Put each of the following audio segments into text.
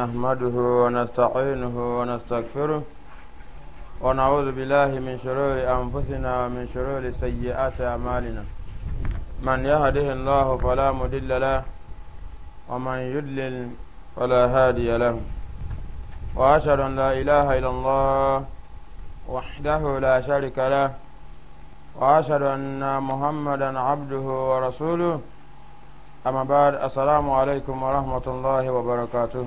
نحمده ونستعينه ونستغفره ونعوذ بالله من شرور أنفسنا ومن شرور سيئات أعمالنا من يهده الله فلا مضل له ومن يضلل فلا هادي له وأشهد أن لا إله إلا الله وحده لا شريك له وأشهد أن محمدا عبده ورسوله أما بعد السلام عليكم ورحمة الله وبركاته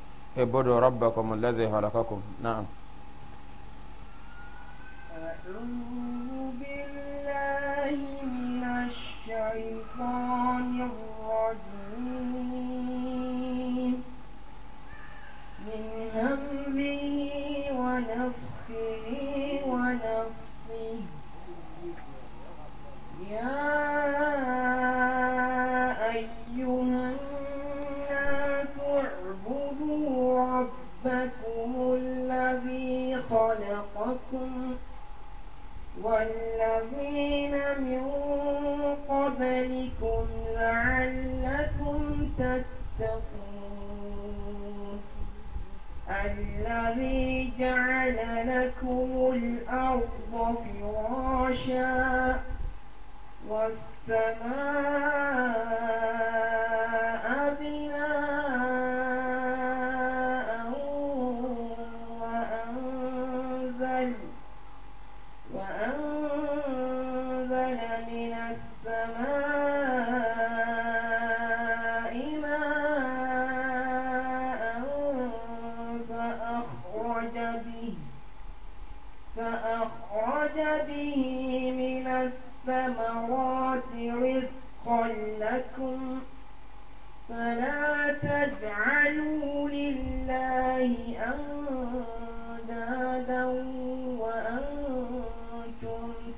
اعبدوا ربكم الذي خلقكم نعم أعوذ بالله من الشيطان الرجيم والذين من قبلكم لعلكم تتقون الذي جعل لكم الأرض فراشا والسماء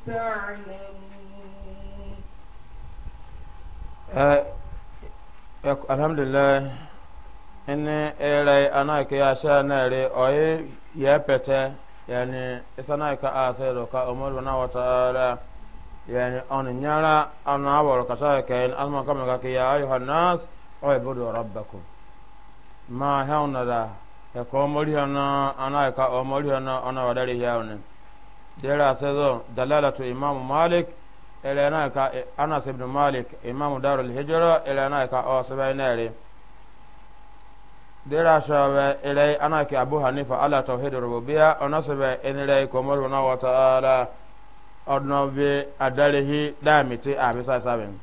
تعلمون eh, eh, alhamdulillah ini ere anaike ya sha nere oyi ya pete yani isa naika a sai roka umaru na wata ala yani on nyara ana awar ka sai ka yin alma kama ka ya ayuhan nas oyi budu rabbakum ma hauna da ya ko mori na anaika o mori hana ona wadari ya ne dera sezo dalalatu imamu malik elena ka anas ibn malik imamu darul hijra elena ka o sabainere dera shawe elai anaki abu hanifa ala tauhid rububiyya onasabe enilai komol na wa ta'ala odnobe adalehi damiti abisa saben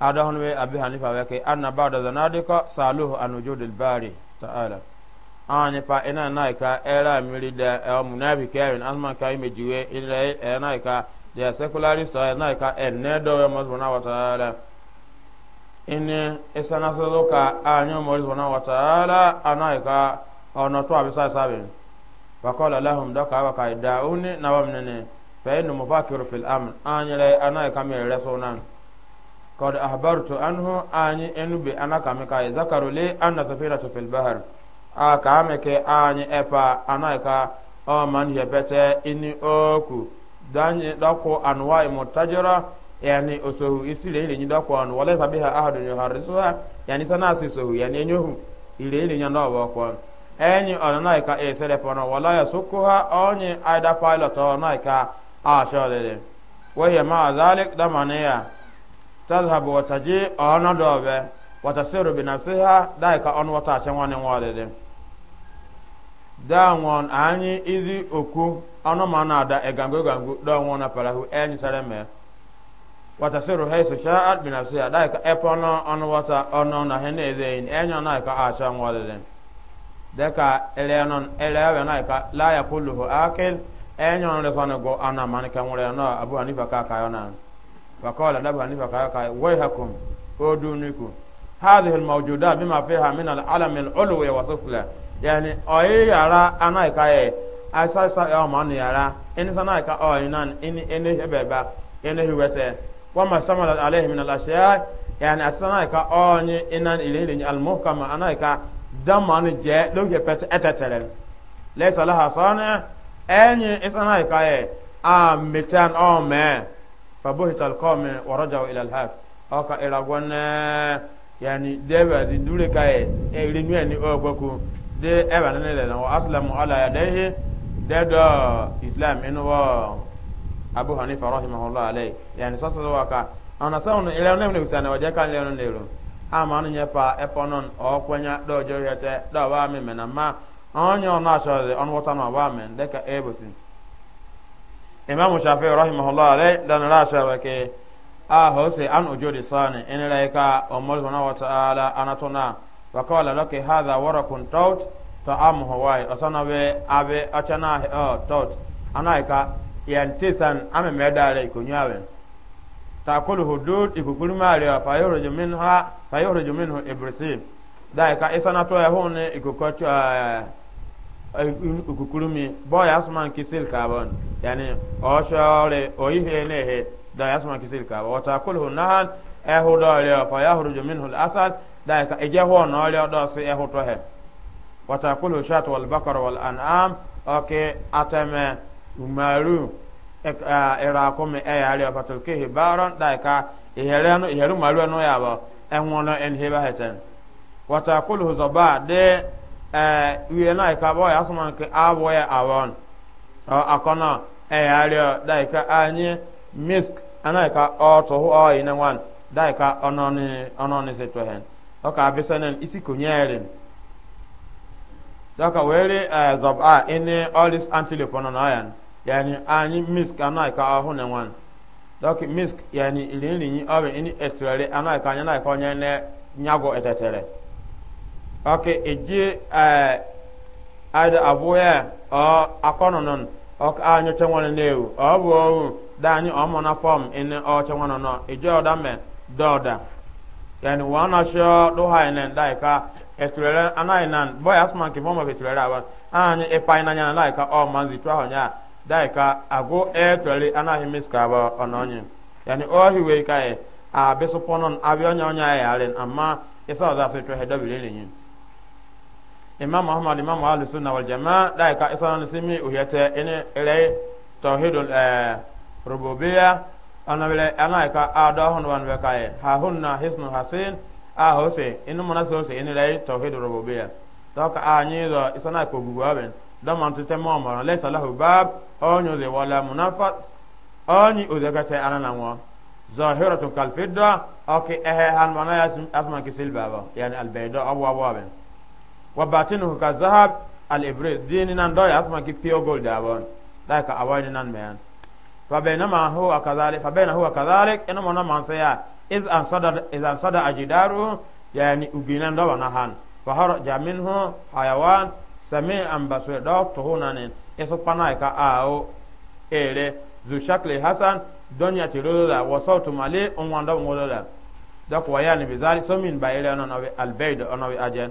adahunwe abi hanifa wake anna ba'da zanadika saluhu an wujudil bari ta'ala ani pa ina na ka era miri da eh, munabi kevin asma ka ime jiwe ina na ka da secularist na ka enne do ya mo na wataala ini isana so ka anyo mo na wataala ana ka ono to abisa sabe faqala lahum daka wa ka dauni na wamnene fa inna mufakiru fil amn anyele ana ka mi resona قد أخبرت عنه أني إنو بأنا كمكاي ذكروا لي أن سفينة fil البحر a ka ameke anyị epa anaghịka ọman hebete ini oku danye dakwo anwai mutajira yani osohu isire ile nyi dakwo anwa wala sabiha ahadun yuharrisuha yani sana sisohu yani enyohu ile ile nya ndawo kwa enyi onanaika esere pono wala ya yasukuha onye aida pilot onanaika ashorele wahiya ma zalik damaniya tazhabu wataji onodobe watasiru binafsiha daika onwata achenwani nwadede da ngon anyi izi oku ono mana da egango gango da ngon na palahu enyi sareme wata siru haisu sha'at bi nafsiha da ka epono ono wata ono na hene zein enyo na ka asha ngwadden da ka elenon elewe na ka la yaqulu akil enyo le fana go ana man ka ngure na abu hanifa ka ka yona fa qala da abu hanifa ka ka wayhakum oduniku hadhihi almawjudat bima fiha min alalam alulwi wa sufla yani oyi yara anaika ka ye asa sa ya ma ni yara in sana ka o inan in in hebe ba in hewete wa ma samala alaihi min al yani asana ka o ni inan ilaihi al-muhkam ana ka je lo ye pet etetere laysa laha sana enyi isana ka ye a mitan o me fabuhita al wa raja'u ila al-haf aka ila gwanne yani dewa di dure ka ye e rinu ni o de eba ne le na wa aslamu ala yadayhi de islam inu wa abu hanifa rahimahullah alayhi yani sasa wa ka ana sa on ile ne ne sana wa je kan le ne ro ama no nyepa eponon o kwanya do jo yete do wa mi me na ma onye ono asore on wa ka imam shafi rahimahullah alayhi ra ke a وقال لك هذا ورق توت طعامه واي أصنع أبي أتنا توت أنا إكا ينتسن أمي مدالي كنياوين تأكله دود إكوكول مالي فيخرج منها فيخرج منه إبرسيم دا إكا إسانا توي هون إكوكوت إكوكول مي بوي أسمان كسيل كابون يعني أشاري أيهي نهي دا أسمان كسيل كابون وتأكله النهان أهو دالي فيخرج منه الأسد daika eje ho no le do se e hoto he wata kulu shat wal bakar wal an'am oke atame umaru era ko me e ya le fatul ke he baron daika ihere no ihere maru no ya ba enwo no en he heten wata kulu de eh wiye na ka bo ya suman ke abo ya awon akona e ya le daika anyi misk anaika oto hu o ina wan daika ononi ononi se to hen Dọka abisanin isi kunyere. Dọka were e, zọb a ịnị ọlis antilope nọ n'ọya. Yani anyị misk anaghị ka ọhụụ na nwan. Dọka misk yani ilinlinyi ọbụ ịnị estuarị anaghị ka anyị anaghị ka onye na nyagwọ etetere. Dọka eji e, ada abụọ ọ akọnọnọ ọka anyị chenwere n'ewu ọ bụ owu dị anyị ọmụ na fọm ịnị ọ chenwere nọ. Ije ọda mee dọọda. yani wana sho do ha enen dai ka etrele anai nan boy asman ki momo etrele aban ani e pa inanya nan dai all o manzi to honya dai ka ago etrele anahi miska ba ononye yani o hi we kai a beso ponon abi onya onya ya len amma isa za fe to hedo bilele imam imam ahlus sunna wal jamaa isa nan simi ene ele ana wele ana ka ada hon wan we kai ha hunna hisnu hasin a hose inu mona so se inu lai tauhid rububiyya doka anyi do isana ko guwa ben da man tete mo mo le salahu bab onyo de wala munafas onyi uzaka te ana nanwa zahiratu kal fidda oke ehe han mana asma ki silba ba yani al bayda abwa abwa ben wa batinuhu ka zahab al ibris dininan do asma ki pure gold abon da ka awani nan me فبينما هو كذلك فبين هو كذلك انما نما سيا اذ انصد اذا انصد اجداره يعني ابينان دو نهان فخرج منه حيوان سميع بصير دو تهونان اسو بنايكا او ere zu shakli hasan donya tirola wa sautu mali on wanda ngola da ko yani bizali so min bayira non awi albayd on awi ajen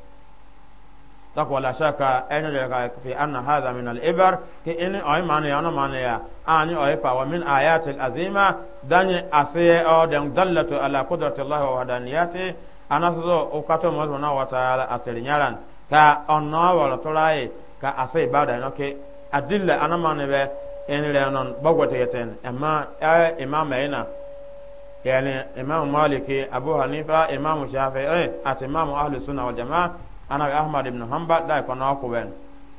tak wala shaka ene ka fi anna hadha min al ibar ke ene o imani ana mane ya ani o pa wa min ayat al azima dani asiye o dan dallatu ala qudrati allah wa hadaniyati ana so o kato mo na wa taala atrinyaran ka onno wala tolaye ka ase ibada no ke adilla ana mane be ene le non bagote yeten amma e, imam ayna yani imam maliki abu hanifa imam shafi'i at imam ahli sunna wal jamaa ana bi ahmad ibn hanba da ko na ko ben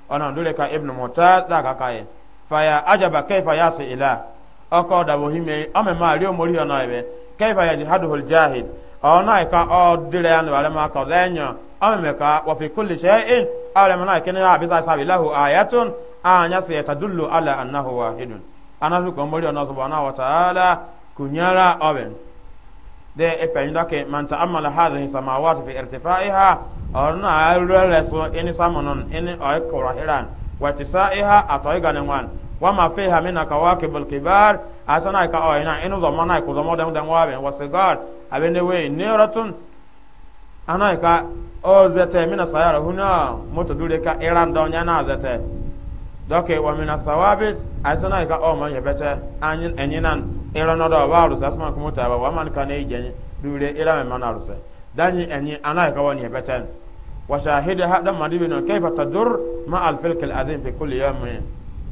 ona dole ka ibn muta da ka kai eh. fa ya ajaba kayfa yasu ila oko da bohime ame ma ri o mori ona ibe kayfa ya jihadul jahid ona ka o dire an wala ma ka lenyo ame me ka wa fi kulli shay'in ala mana kene ya bi sa lahu ayatun anya se tadullu ala annahu wahidun ana ko mori ona subhanahu wa ta'ala kunyara oben de e ke manta amala hadhihi samawati fi irtifaiha orna alrele so ini samonon ini oy korahiran wa tisaiha ma fiha min kawakib alkibar asana ka oyna inu zamana ko zamo dem dem wabe wasigar abende we ana ka o zete mina sayara huna moto dure ka iran donya na zete doke wa min thawabit asana ka o man yebete anyin ira na da ba rusa asma kuma ta ba wa man kana yi jani dure ira mai mana rusa danyi anyi ana ka wani betan wa shahida hada madibi no kaifa tadur ma al filk al azim fi kulli yawm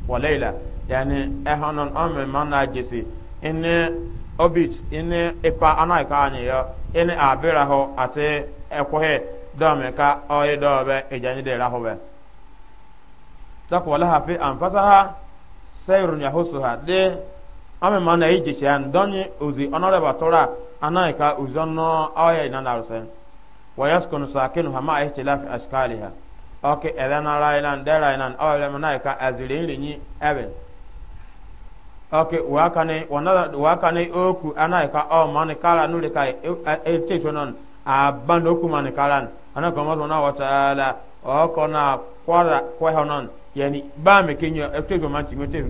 wa layla yani ehanon amme mana jisi inne obit inne ipa ana ka anyi yo inne abira ho ate ekohe dome ka oyi dobe ijani de rahobe takwa laha fi anfasaha sayrun yahusuha de ame mana yi jeshi an donye uzi onore batora anai ka uzonno aya ina na rusen wa yaskunu sakinu hama ihtilaf ashkaliha oke elena rainan derainan awale manai ka azirin rinyi ebe oke wakane wanada wakane oku anai ka o kala ka oku mani kalan anaka mazo na wa taala oko na kwara kwahonon yani ba me kinyo de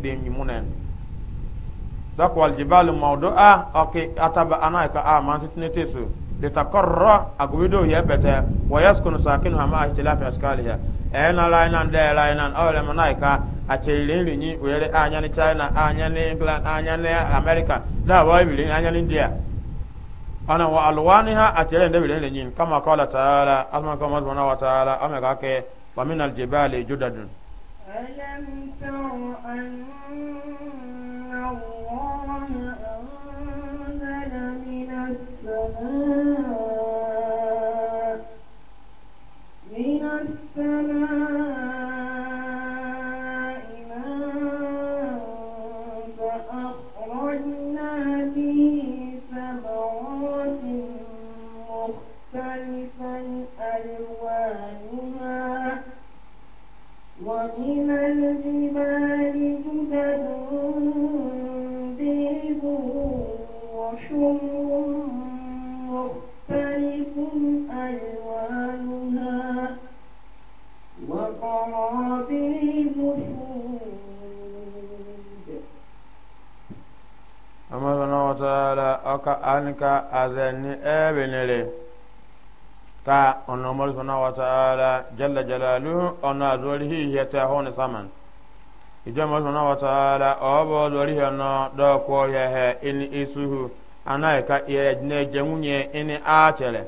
dɔk wal jibalu a ah, ok ataba ana ka a ah, man sitini tesu litakarra agwido ya bete wa yaskunu sakinu hama ihtilafi askaliha ena lainan de lainan awle manaika a cheirin rinyi wele anya ah, ni china anya ni england anya ni america da wa ibili anya ni india ana wa alwaniha a cheirin de bilen rinyi kama qala ta'ala asma kama subhanahu wa ta'ala amaka ke wa min aljibali judadun alam tara an aka anka azani ebinire ka ono mori sona wa ta'ala jalla jalaluhu ono azori hi yata hon saman ijo mori sona wa ta'ala obo zori hi ono do ko ya he in isuhu anaika ye ne jemunye in atele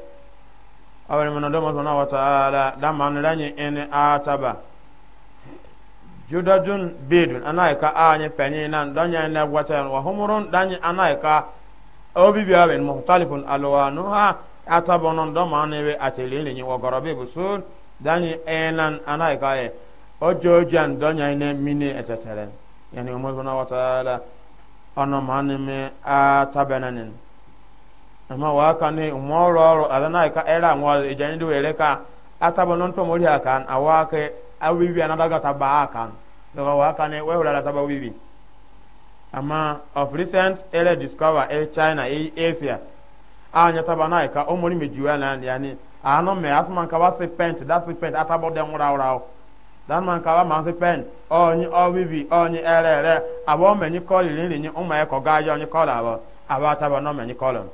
awani mono do mori sona wa ta'ala daman ranye in ataba judajun bidun anaika anye penyinan danye ne gwatan wa humurun danye anaika o bibi abe muhtalifun alwanuha atabonon do manebe atelele ni wagarabe busul dani enan anaikaye ojojan donya ine mini eteteren yani umar bin wa ta'ala ono maneme atabenanin amma wa kane umar ro adanaika era ngwa ejani do ka atabonon to mori akan awake awibi anadaga tabakan daga wa kane we hulala tabawibi amma of recent ele discover e china e asia a nya taba na ka o mori mejuwa na yani ano ah, me asman ka wasi paint that's the paint atabo de ngura ura dan man ka wa man se paint onyi obibi onyi ele ele abo me nyi call ni ni nyi o ma e ko ga onyi call abo aba taba no me nyi call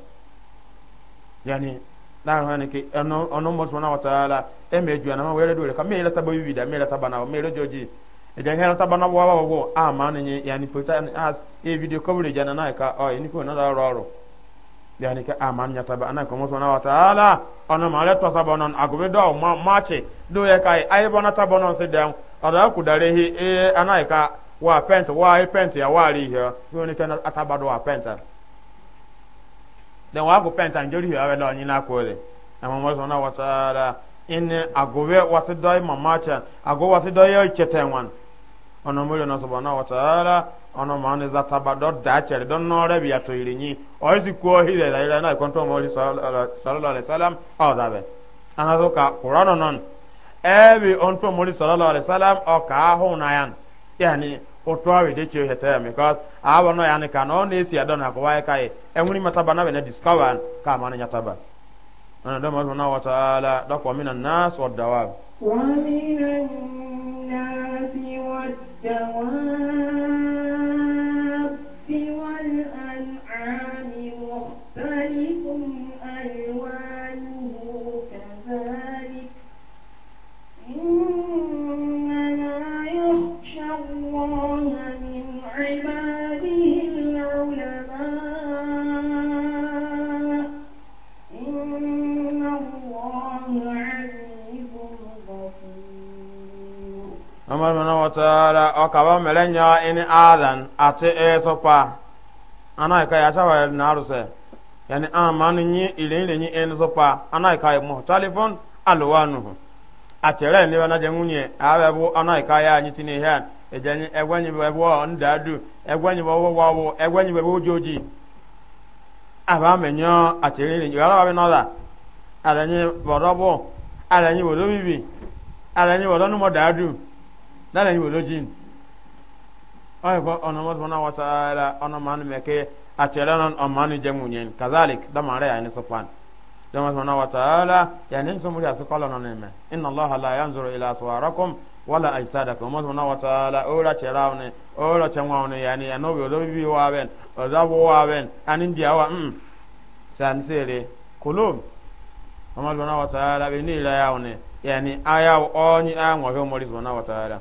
yani dan hani ki ono ono mo subhanahu wa ta'ala e mejuwa na ma wele dole ka me ele tabo bibi da me ele taba na me ele joji eja hera ta bana wa wa go a ma na nye yani pota as e video coverage na na ka o ni ko na da ro ro yani ka a ma nya ta ba na ko mo na wa taala ona ma le to sa bonon agobe do ma ma che do ye kai ai bona ta bonon se dan ada ku dare hi e ana ka wa pent wa e pent ya wa ri he yo ni kan ataba do wa pent den wa go pent an jori ha lo ni na ko le amma mo na wa taala in agobe wasu dai e mamacha agobe wasu dai e ya chetenwan ono mulyo na subhanahu wa ta'ala ono maani za tabador dacere don nore biya to irinyi o isi ko hide la ila na konto moli sallallahu alaihi wasallam aw dabe ana zo ka qur'ano non ebi onto moli sallallahu ka hu na yan yani o to awe de che hete mi ka awo no yani ka no ne si adon ko wa kai enwuri mataba na discover ka maani nyataba ana do mo na wa ta'ala Yeah, one. wa ta'ala akaba melenya in adan ate esopa ana ka ya tawa na a yani amanu nyi ile ile nyi en sopa ana ka ya muhtalifun alwanuhu atere ni wana je munye awebu ana ka ya nyi tini he ejenyi egwanyi bebu ndadu egwanyi bebu wawo egwanyi bebu joji aba menyo atere ile nyi ara ba noda alanyi bibi alanyi bodobibi alanyi bodonumo dadu dala yi wolo jin ay ko ono mo bona wa taala ono man meke atela non o manu jamu nyen kazalik da mare ya ni sofan da mo bona wa taala ya ni so muri asqala non ne inna allaha la yanzuru ila suwarakum wala ajsadakum mo bona wa taala ora cherawne ora chawne ya ni ano wolo bi wa ben o da bo wa ben anin dia wa mm san sere kulub mo bona wa taala bi ni la yaune yani aya o ni a ngwa mo bona wa taala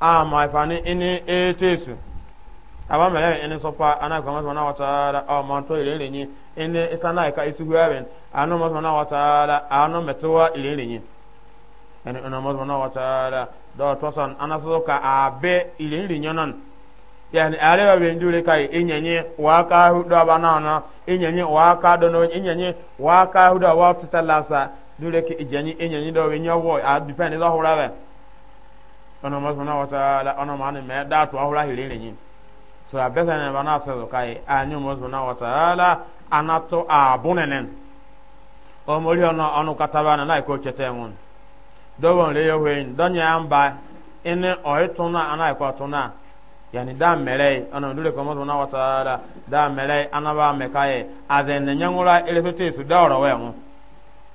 Ah, uh, oh, a ifani ini etesu aba mele ini sopa ana kwa mazwa na wataala o manto ile ile nyi ini isana ka isugu ano mazwa na wataala ano metuwa ile ile nyi ani ono mazwa na wataala do tosan ana soka abe ile ile nyonan yani ale wa bendure kai enyenye waka hudo abana na enyenye waka dono enyenye waka hudo wa tutalasa dure ki ijanyi enyenye do wenyo a depend uh, do hurawe ona ma subhanahu wata ta'ala ono ma ne me da to ahura hire ne yin so abesa ne ba na so kai anyu mo subhanahu wa ta'ala anato abunenen o mori ono onu kataba na na ko chete mun do won le yewen donya amba ene oituna ana ko ya ni da mere ona ndule ko mo subhanahu wata ta'ala da mere anaba mekaye azen nyangura ile fete su da oro we mu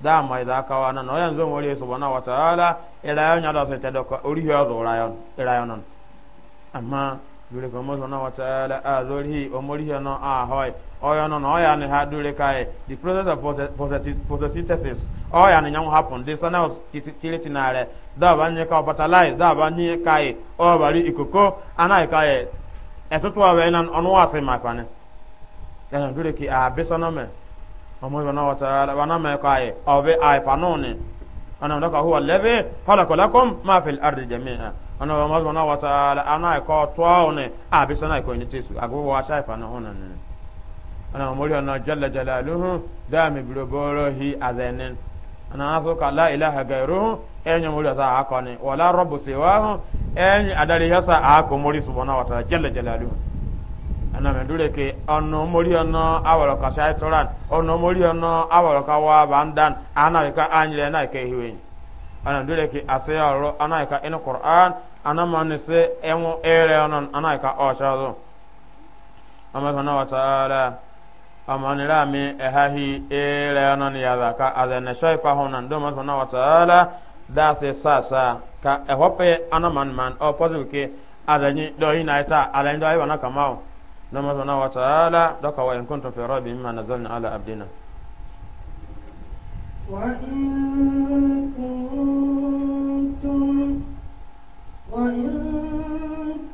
dama idha kawa nan oyan zo mori subhanahu wa ta'ala ila yonya da fete do ko ori yo do rayon ila yonon amma dure ko mo subhanahu wa ta'ala a zori o mori yo no a hoy oyan no oyan ha dure kai the process of photosynthesis oyan nyam happen this and out kilitinare da ba nye ka batalai da ba nye kai o bari ikoko ana e kai etutu wa nan onwa se mapane dan dure ki a besono ọmọ ìbọn náà wọ́n tààrà wọn náà mẹ́kọ̀ ayé ọ̀bẹ àìfànú ni ọ̀nà ìdọ́kọ̀ huwa lẹ́bí kọ́lọ̀kọ́lọ́kọ́m máa fi àrùdì jẹ̀mí ẹ̀ ọ̀nà ìbọn náà wọ́n tààrà aná ẹ̀kọ́ tọ́ọ̀ ni àbísọ́ náà ẹ̀kọ́ ìní tẹ̀sù àgbẹ̀wò aṣá ìfànú hùn ni ọ̀nà ìmọ̀lẹ́ ọ̀nà jẹ́lẹ̀ jẹ́lẹ̀ lóhùn dáàmì bìrọ̀bọ̀rọ̀ hi àzẹ́ni ọ̀nà asọ́kà láìlá àgẹ̀rọ̀hùn ẹ̀yìn mọ̀lẹ́ ọ̀sà àkọ́ni wọ̀lá rọ́bù sèwáhùn ẹ̀yìn adarí yẹ́sà àkọ́ mọ́rí sùbọ̀nà wọ̀tà jẹ́lẹ̀ jẹ́lẹ̀ lóhùn ana medure ke ono mori ono awaro ka sai toran ono mori ono awaro ka wa bandan ana ka anyire na ke hiwe ana dure ke asaya ro ana ka in qur'an ana man se enwo ere ono ana ka oshazo amma kana wa ta'ala amani rami ehahi ere ono ya zaka azana shaifa honan do man wa ta'ala da se sasa ka ehope ana man man o pozuke adanyi do ina ita adanyi do ayi wana kamao نما سنا وتعالى دك وإن كنتم في ربي مما نزلنا على عبدنا وإن كنتم وإن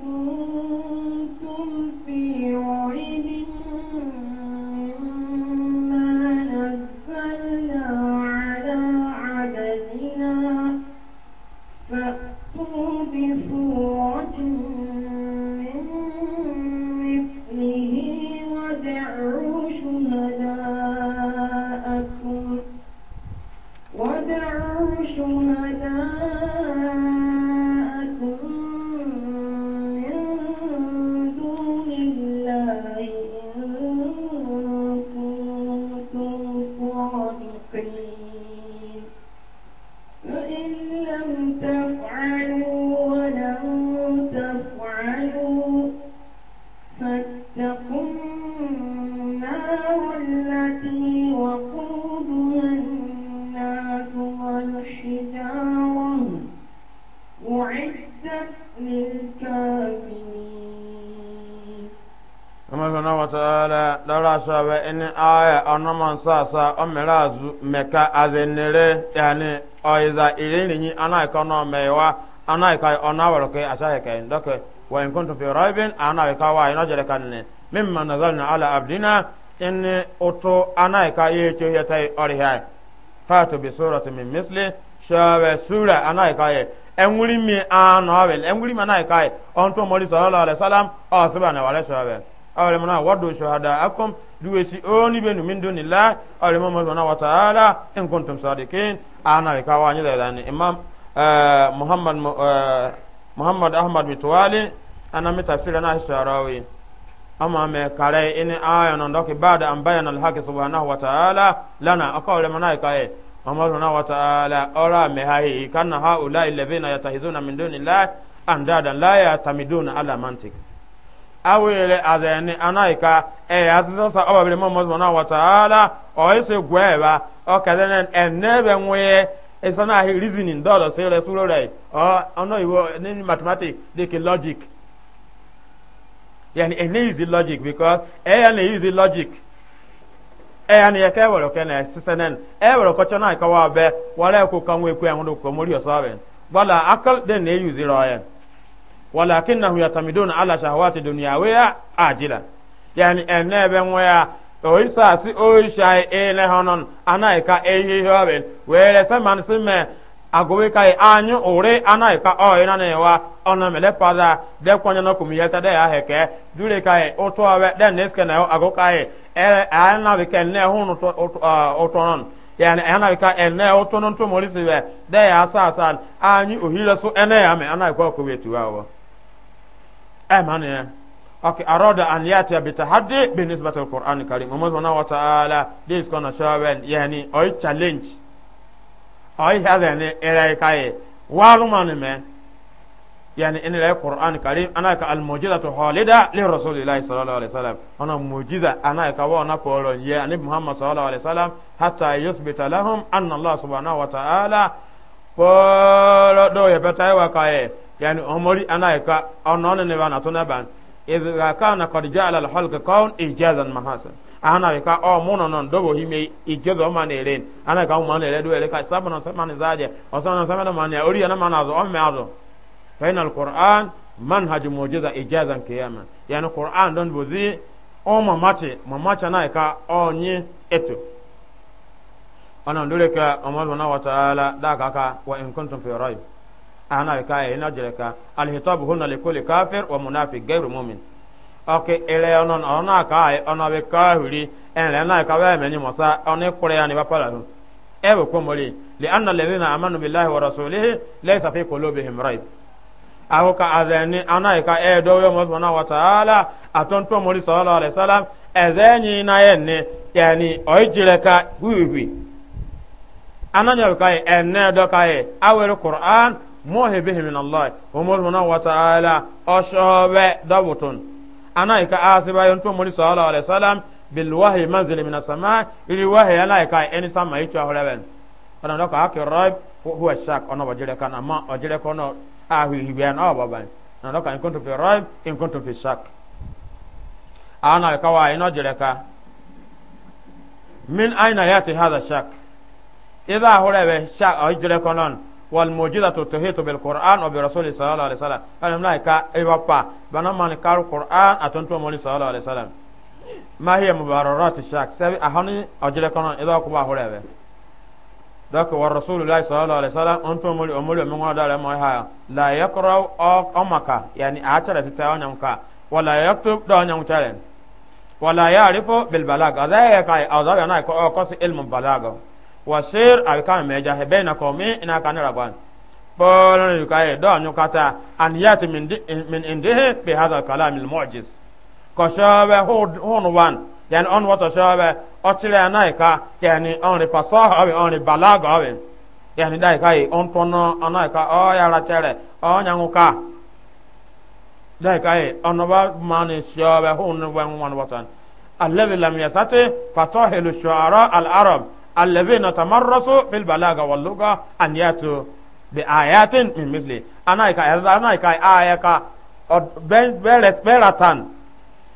كنتم في ريب wa ta'ala lara sabe in aya anaman sasa omira zu meka azenere yani oiza ilirinyi ana ikono mewa ana ikai onawaro ke asaye ke wa in kuntum fi raibin ana wa ina jere kanne mimma nazalna ala abdina in oto ana ikai yecho yatai orihai fatu bi surati min misli shawe sura ana ikai enwuri mi anawel enwuri mi ana ikai onto mori sallallahu alaihi wasallam na wale shawe awale mana wadu shahada akum duwe si oni benu min duni la awale mama subhanahu wa ta'ala in kuntum sadiqin ana ka wani da dani imam eh, muhammad eh, muhammad ahmad mitwali ana mi na sharawi amma me kare ini aya na doki bada an bayan al subhanahu wa ta'ala lana akawale mana ka e mama subhanahu wa ta'ala ora me hayi kana haula alladhina yatahizuna min duni la andadan la yatamiduna ala mantiqi awele azeni anaika e azizo sa oba bile momo zona wa taala o ise gweba o kadene enebe nwe isana hi reasoning dodo se le suro le o ono iwo ni mathematics de logic yani ene use logic because e yani use logic e yani yake woro kene sisenen e woro ko chona ka wa be wala ko kanwe ku en hudu ko mori o saben wala akal de ne use royen walakinahu yatamiduna ala shahawati dunyawiya ajila yani ene ebe nwe oisa si oisha ele honon anaika ehi hobe were seman sime agowe kai anyu ore anaika e o na ago kai ele ana we ken ne hunu to yani ana ka e ene morisi we de ya so ene ya me ko wetu أمانة أوكي أراد أن يأتي بتحدي بالنسبة للقرآن الكريم ومن سبحانه وتعالى ديس كنا شابين يعني أي تشالنج أي هذا يعني إلهي كاي وارمان ما يعني إن إلهي القرآن الكريم أنا كالموجزة خالدة لرسول الله صلى الله عليه وسلم أنا موجزة أنا كوانا فولون يعني محمد صلى الله عليه وسلم حتى يثبت لهم أن الله سبحانه وتعالى فولو دو يبتعي وكاي yani umuri ana ka onon ne wana to na ban idza kana qad ja'ala al-halq kawn ijazan mahasan ana ka o mono non dobo hime ijazo ma ren ana ka mo ne re do ka sabana sabana zaje osana sabana ma ne ori ana mana zo omme azo fa inal qur'an manhaj mujiza ijazan qiyama yani qur'an don bozi o mamate mamacha na ka onye eto ana ndure ka amadu na wa ta'ala da kaka wa in kuntum fi raib ana ka ina jereka al hitab huna li kulli kafir wa munafiq ghairu mu'min oke ele onon ona ka ona be kahuri enle na ka wa meni musa oni kure ya ni bapala hu ewe ko mori li anna alladhina amanu billahi wa rasulihi laysa fi qulubihim raib awo ka azani ana ka e do yo mo subhanahu wa ta'ala aton to mori sallallahu alaihi wasallam ezeni na yenne yani oijireka huwi ananya ka enne do ka e awere qur'an موهبه من الله ومرهنا وتعالى أشهب دبوتون أنا إكا آسبا ينتو مولي صلى الله عليه وسلم بالوحي منزل من السماء إلي وحي أنا إكا إني سما إيشو أهلبن أنا لك أكي الرب هو الشاك أنا بجري كان أما أجري كان أهوي هبين أو بابن أنا لك إن كنت في الرب إن كنت في الشاك أنا إكا وإن أجري من أين يأتي هذا الشاك إذا أهلبن شاك أجري كانون والموجزة تهيت بالقرآن وبرسول صلى الله عليه وسلم أنا يعني من لايكا إيبابا بنا من كارو قرآن أتنتو مولي صلى الله عليه وسلم ما هي مبررات الشك سبي أهني أجلكنا إذا كبا هلبه ذاك والرسول الله صلى الله عليه وسلم أنتم مولي أمولي من غدا لما هيا لا يقرأ او أمك يعني أعترف تتاونيمك ولا يكتب دونيم تالن ولا يعرف بالبلاغ هذا يكاي أو ذا أنا أقصي علم البلاغه wasir alkan meja hebe na komi ina kan raban bolon yukai do nyukata an yati min di, min indihi bi hadha kalam al mu'jiz ko shabe hon wan yani on wato shabe otire naika yani on ri fasaha abi on ri balaga abi yani dai kai on tono anaika o ya ratere o nyanguka dai kai on ba mani shabe hon wan wan watan alladhi lam yasati fatahilu shu'ara al arab alladhina tamarrasu fil balaga wal lugha an yatu bi ayatin min misli ana ka ana ka aya ka beret beratan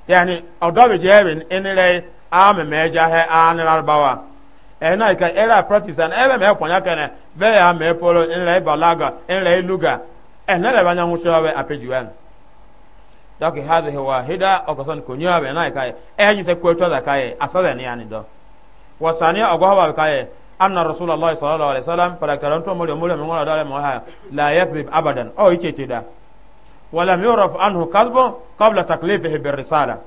yani odobe jebin enire ame meja he aniral bawa ena ka era practice an ebe me kwanya kene be ya me polo enire balaga enire luga enire banya ngushobe apejuan donc hadhihi wahida okasan kunyabe na ka ehi se kwetwa da kai asada ni ani do wasani agwaba kaye anna rasulullahi sallallahu alaihi wasallam fala karantu muri muri mun wala dare mu ha la yakzib abadan o yake ce da walam yuraf anhu kadhbu qabla taklifihi bir risala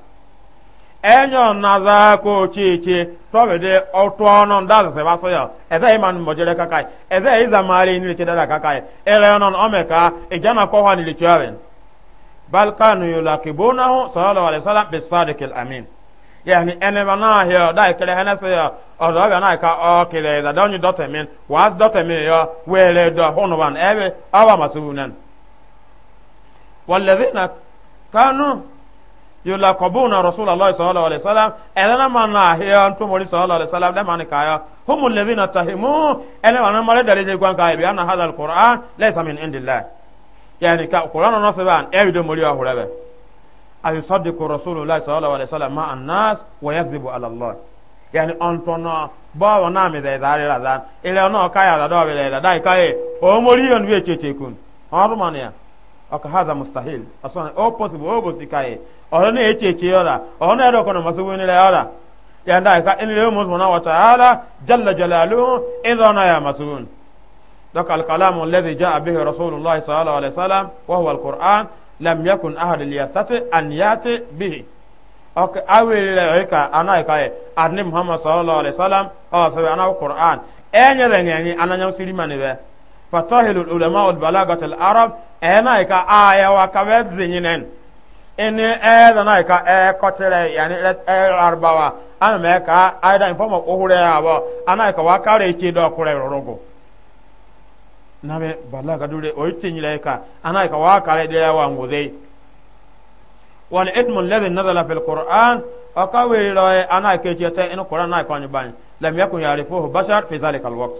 enyo naza ko chichi to be de otono ndaza se baso ya ebe iman mojere kakai ebe iza mari ni chida da kakai ele onon omeka ejana ko ha ni lichawen bal kanu yulaqibunahu sallallahu alaihi wasallam bis sadiqil amin yani ene bana hiyo da ikele hene se yo odo ba na ka o kile da don you dot mean was dot mean yo wele do hono ban ebe awa masubunan walladhina kanu yulaqabuna rasulullah sallallahu alaihi wasallam elana mana hiyo antu mori sallallahu alaihi wasallam da man ka yo humul ladhina tahimu ene bana mare dare gwan ka ebe ana hadal qur'an laysa min indillah yani ka qur'an no se ban ebe do mori ahurabe ayusadiku rasulillah sallallahu alaihi sallam ma annas wa yakzibu ala allah yani ontono bawo na mi da da ra da ile no kaya da do bele da dai kai o mori on we cheche kun ormania aka hada mustahil asana o possible o bosi kai o ne cheche yola o ne do kono masubu ni le yola ya dai ka in le mo subhanahu wa ta'ala jalla jalaluhu idana ya masun ذاك الكلام الذي جاء به رسول الله صلى الله عليه وسلم وهو القرآن lam yakun ahad liyastati an yati bihi ok awele ka ana ka adni muhammad sallallahu alaihi wasallam o fe ana qur'an enye renyenye ananya sirimani be fatahilu ulama wal balagat al arab ena ka aya wa ka wedzinen ene e da na ka e kotere yani e, e arbawa ana me ka aida informa ohure abo ana ka wa kare chi do kure rogo nabe balla ka dure o yitin yila ka ana ka wa kare de ya wa ngode wal ilmu alladhi nazala fil qur'an akawe roye ana ke je ta in qur'an na kwani ban lam yakun ya'rifuhu bashar fi zalika alwaqt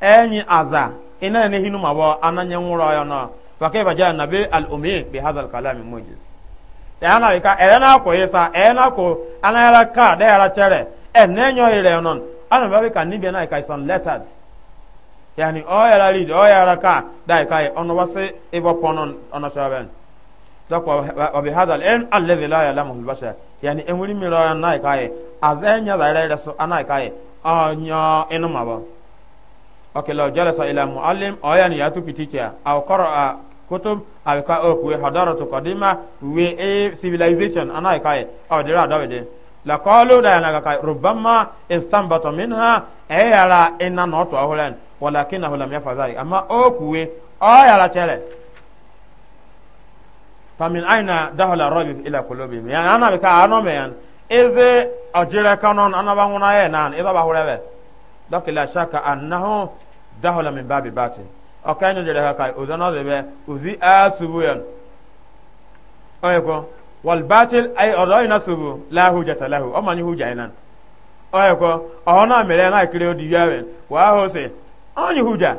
enyi aza ina ne hinu mawo ananya nwuro ya na fa kai baja nabi al ummi bi hadha al kalam mujiz da ana ka e na ko yesa e na ko ana yara ka da yara chere e ne nyo ile non ana ba ka ni bi na ka son letters yani o yara lid o yara ka dai kai ono wase ibo ponon ono shaben dok wa bi hadha al-ilm la ya'lamu al-bashar yani emuri mi ra na kai azenya da so ana kai anya eno mabo okay law jalasa ila muallim o yani ya tu piticha aw qara'a kutub aw ka o ku hadaratu qadima we e a civilization ana kai o dira dawede la qalu da yana kai rubbama istanbata minha eyara ina na otu ọhụrụ walakin na hulam ya fazari amma o kuwe ọ yara chere famin aina dahola robi ila kulobi ya na anabi ka anọ me ya eze ojire kanon anaba nwuna ya na ebe ba hurebe dokila shaka annahu dahola min lahu oyeko ona mere na ikiri odi yawen wa hose onyi huja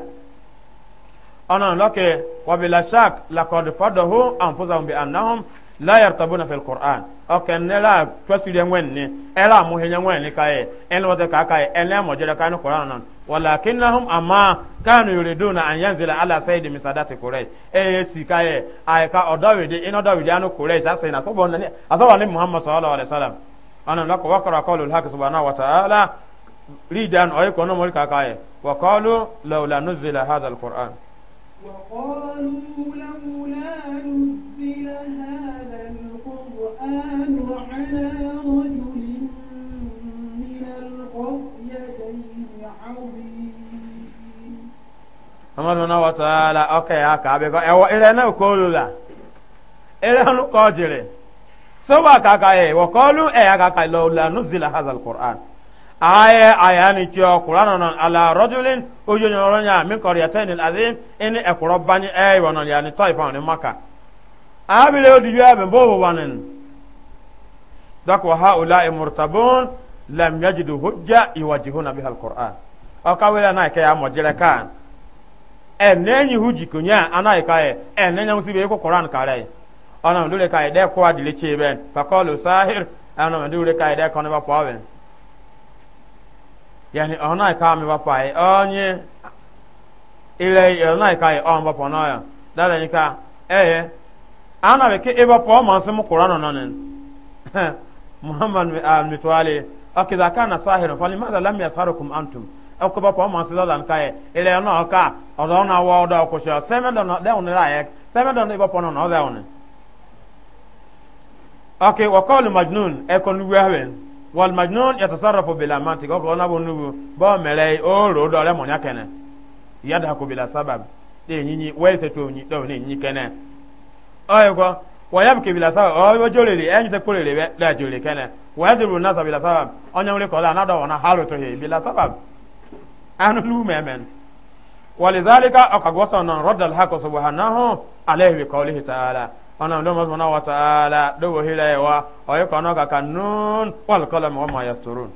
ona loke wa bila shak lakọdụ laqad fadahu anfusahum bi annahum na yartabuna fil qur'an oke nela twasiri enwenne era muhenya nwenne kae nne ka e, e ka kae enle mojere kanu qur'an ama walakinnahum amma kanu yuriduna an yanzila ala sayyidi misadati quraish eh sikaye ayka odawide inodawide anu quraish asina sobon ne asawa ni muhammad sallallahu alaihi wasallam أنا لك وقرا قول الحق سبحانه وتعالى ريدا أيك ونمرك كاية وقالوا لولا نزل هذا القرآن وقالوا لولا نزل هذا القرآن على رجل من القريتين عظيم Amadona wata la okay aka be ko e wo ire na ko lula ire soba kaka ye wa qalu e eh, kaka laula nuzila hadha quran Aye aya ni ti alquran non ala rajulin ojo nyoro nya min qaryatain alazim in e eh, qurban e eh, wonon ya ni taifa ni maka abile odi ya be bo wanen dak wa haula murtabun lam yajidu hujja yuwajihuna biha alquran akawela na ke ya mojere kan e nenyi huji kunya anaika e nenyi musibe ko quran kare ana mdule ka ide kwa dile cheben fakolu sahir ana mdule ka ide kono ba pawen yani e, ona ka mi ba onye ile ona ka on ba pono ya dala ni ka eh ana be ke eba po man sum qur'an non nen muhammad mi al mitwali akiza kana sahir falimadha lam antum akoba e, po man sala kai e, ile ka ona wa oda ko sha semedo no de semedo no pono no de okay wa qawlu majnun e kon wal majnun yatasarrafu bila mantiq ko na bonu bo mere o ro do le monya kene yada ko bila sabab de nyinyi we se to nyi do ne nyi kene ayo ko wa yabki bila sabab o jolele e nyi se kolele be da jolele kene wa yadru nasa bila sabab onya wure ko la na na halu to bila sabab anu lu walizalika ولذلك أقوى صنع رد الحق سبحانه عليه بقوله تعالى ana ndo mazmana wa ta'ala do wo hilewa o yi kono ka kanun wal qalam wa ma yasturun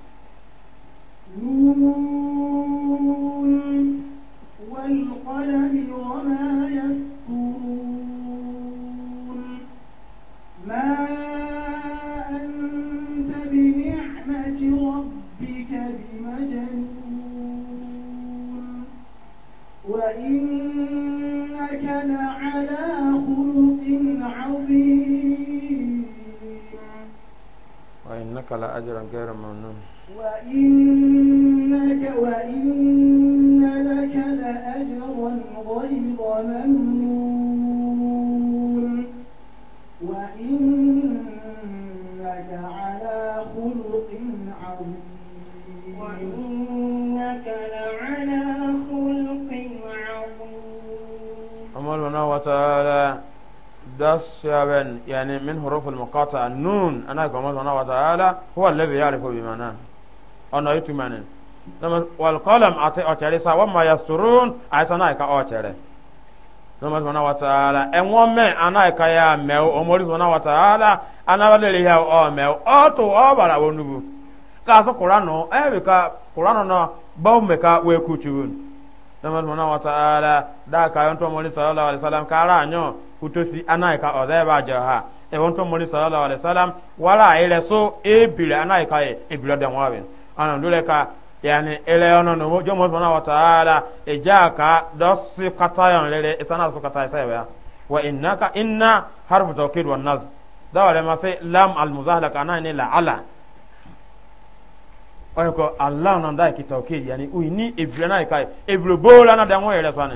والقلم وما يسطرون ما أنت بنعمة ربك بمجنون وإنك لعلى وإنك لأجرا غير ممنون وإنك وإن لك لأجرا غير ممنون وإنك على خلق عظيم وإنك لعلى خلق عظيم الله وتعالى das seven yani min huruf al muqata nun ana ko mo wa ta'ala huwa alladhi ya'rifu bi mana ana oh, yitu mana dama wal qalam ati atere sa wa ma yasturun aisana ka atere dama subhana wa ta'ala en wo me ana ka ya me o mo subhana wa ta'ala ana wa le ya o me o to o bara wonubu ka so qur'ano eh, e be ka qur'ano no ba me ka we kuchun dama subhana wa ta'ala da ka yon to mo sallallahu alaihi wasallam ka ra nyo hutosi anaika ọdẹba jẹha ẹwọn e, tó mọni sọlọlọ alẹsàlám wàrà ilẹ so ebile anaika yẹ e, ebile dẹ wọn bẹn ọnà ndúlẹ ka yanni ilẹ ọnà nà ọjọ mọsán náà wọta ala ìjà ka dọsi kata yàn lẹlẹ ìsànà so kata ẹsẹ bẹẹ wa iná ka iná harfu tawkid wa naz dawale ma se lam almuzahala ka anayi ni la ala ọyọ ko allah nanda ki tawkid yanni uyi ni ebile anaika yẹ e, ebile bóòlù anadẹ wọn yẹrẹ sọni.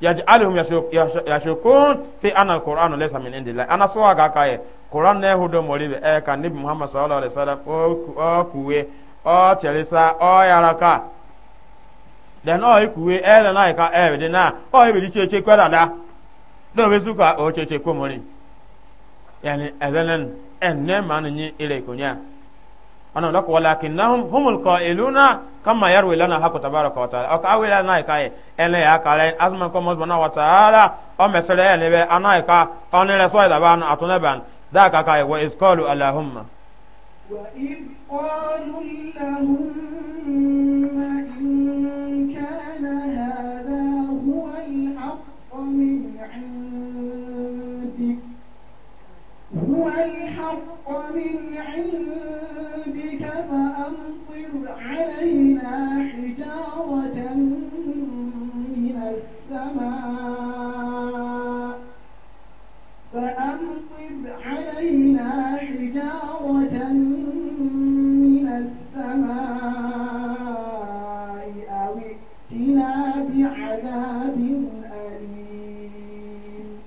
yaj'aluhum yashukun fi anna alquran laysa min indillah ana so aga ka ye quran ne hudo moribe e ka nabi muhammad sallallahu alaihi wasallam o kuwe o chelisa o yaraka den o ikuwe e le na ka e bi na o e bi che che kwara da do be suka o che che komori yani azanan enne man ni ile kunya ana lak walakinnahum humul qailuna kama yarwi lana hako tabaraka wa taala aka awila na kai ene ya kale azman ko mosbana wa taala o mesere ne be anaika onele so da ban atune ban da ka kai wa isqalu allahumma wa id qalu allahumma in kana hadha huwa al-haqq min 'indik huwa al-haqq min 'indik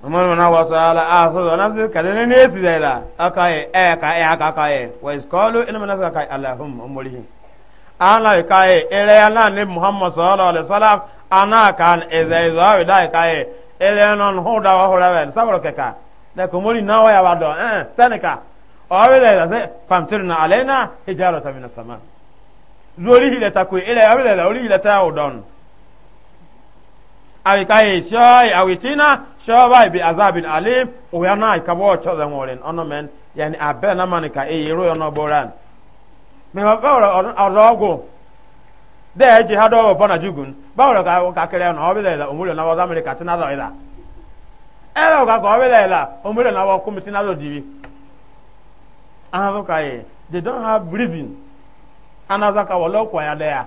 umaru na wasu ala a ah, so zana su ka zane ne su zai la aka yi e eh, ka e aka ka yi wa iskolu ilmi na suka kai allahun umurihi ala ka yi ere ya na ne muhammad sallallahu alaihi wasallam ana e ka an ezai zawi da ka yi ya non huda wa hurawe sabro keka da kumuri na waya wa do eh seneca awele da se famtirna alaina hijarata min as-sama zuri hilata ku ere awele da uri hilata udon awi kai shoy awi bi azabin alim o ya na ka bo cho da ngoren ono men yani abe na man ka e yero ono boran me ba ba de ji ha do bo na jugun ba ro ka ka kere no obi da omulo na america tina ida go na wa tina do diwi they don't have breathing ka ya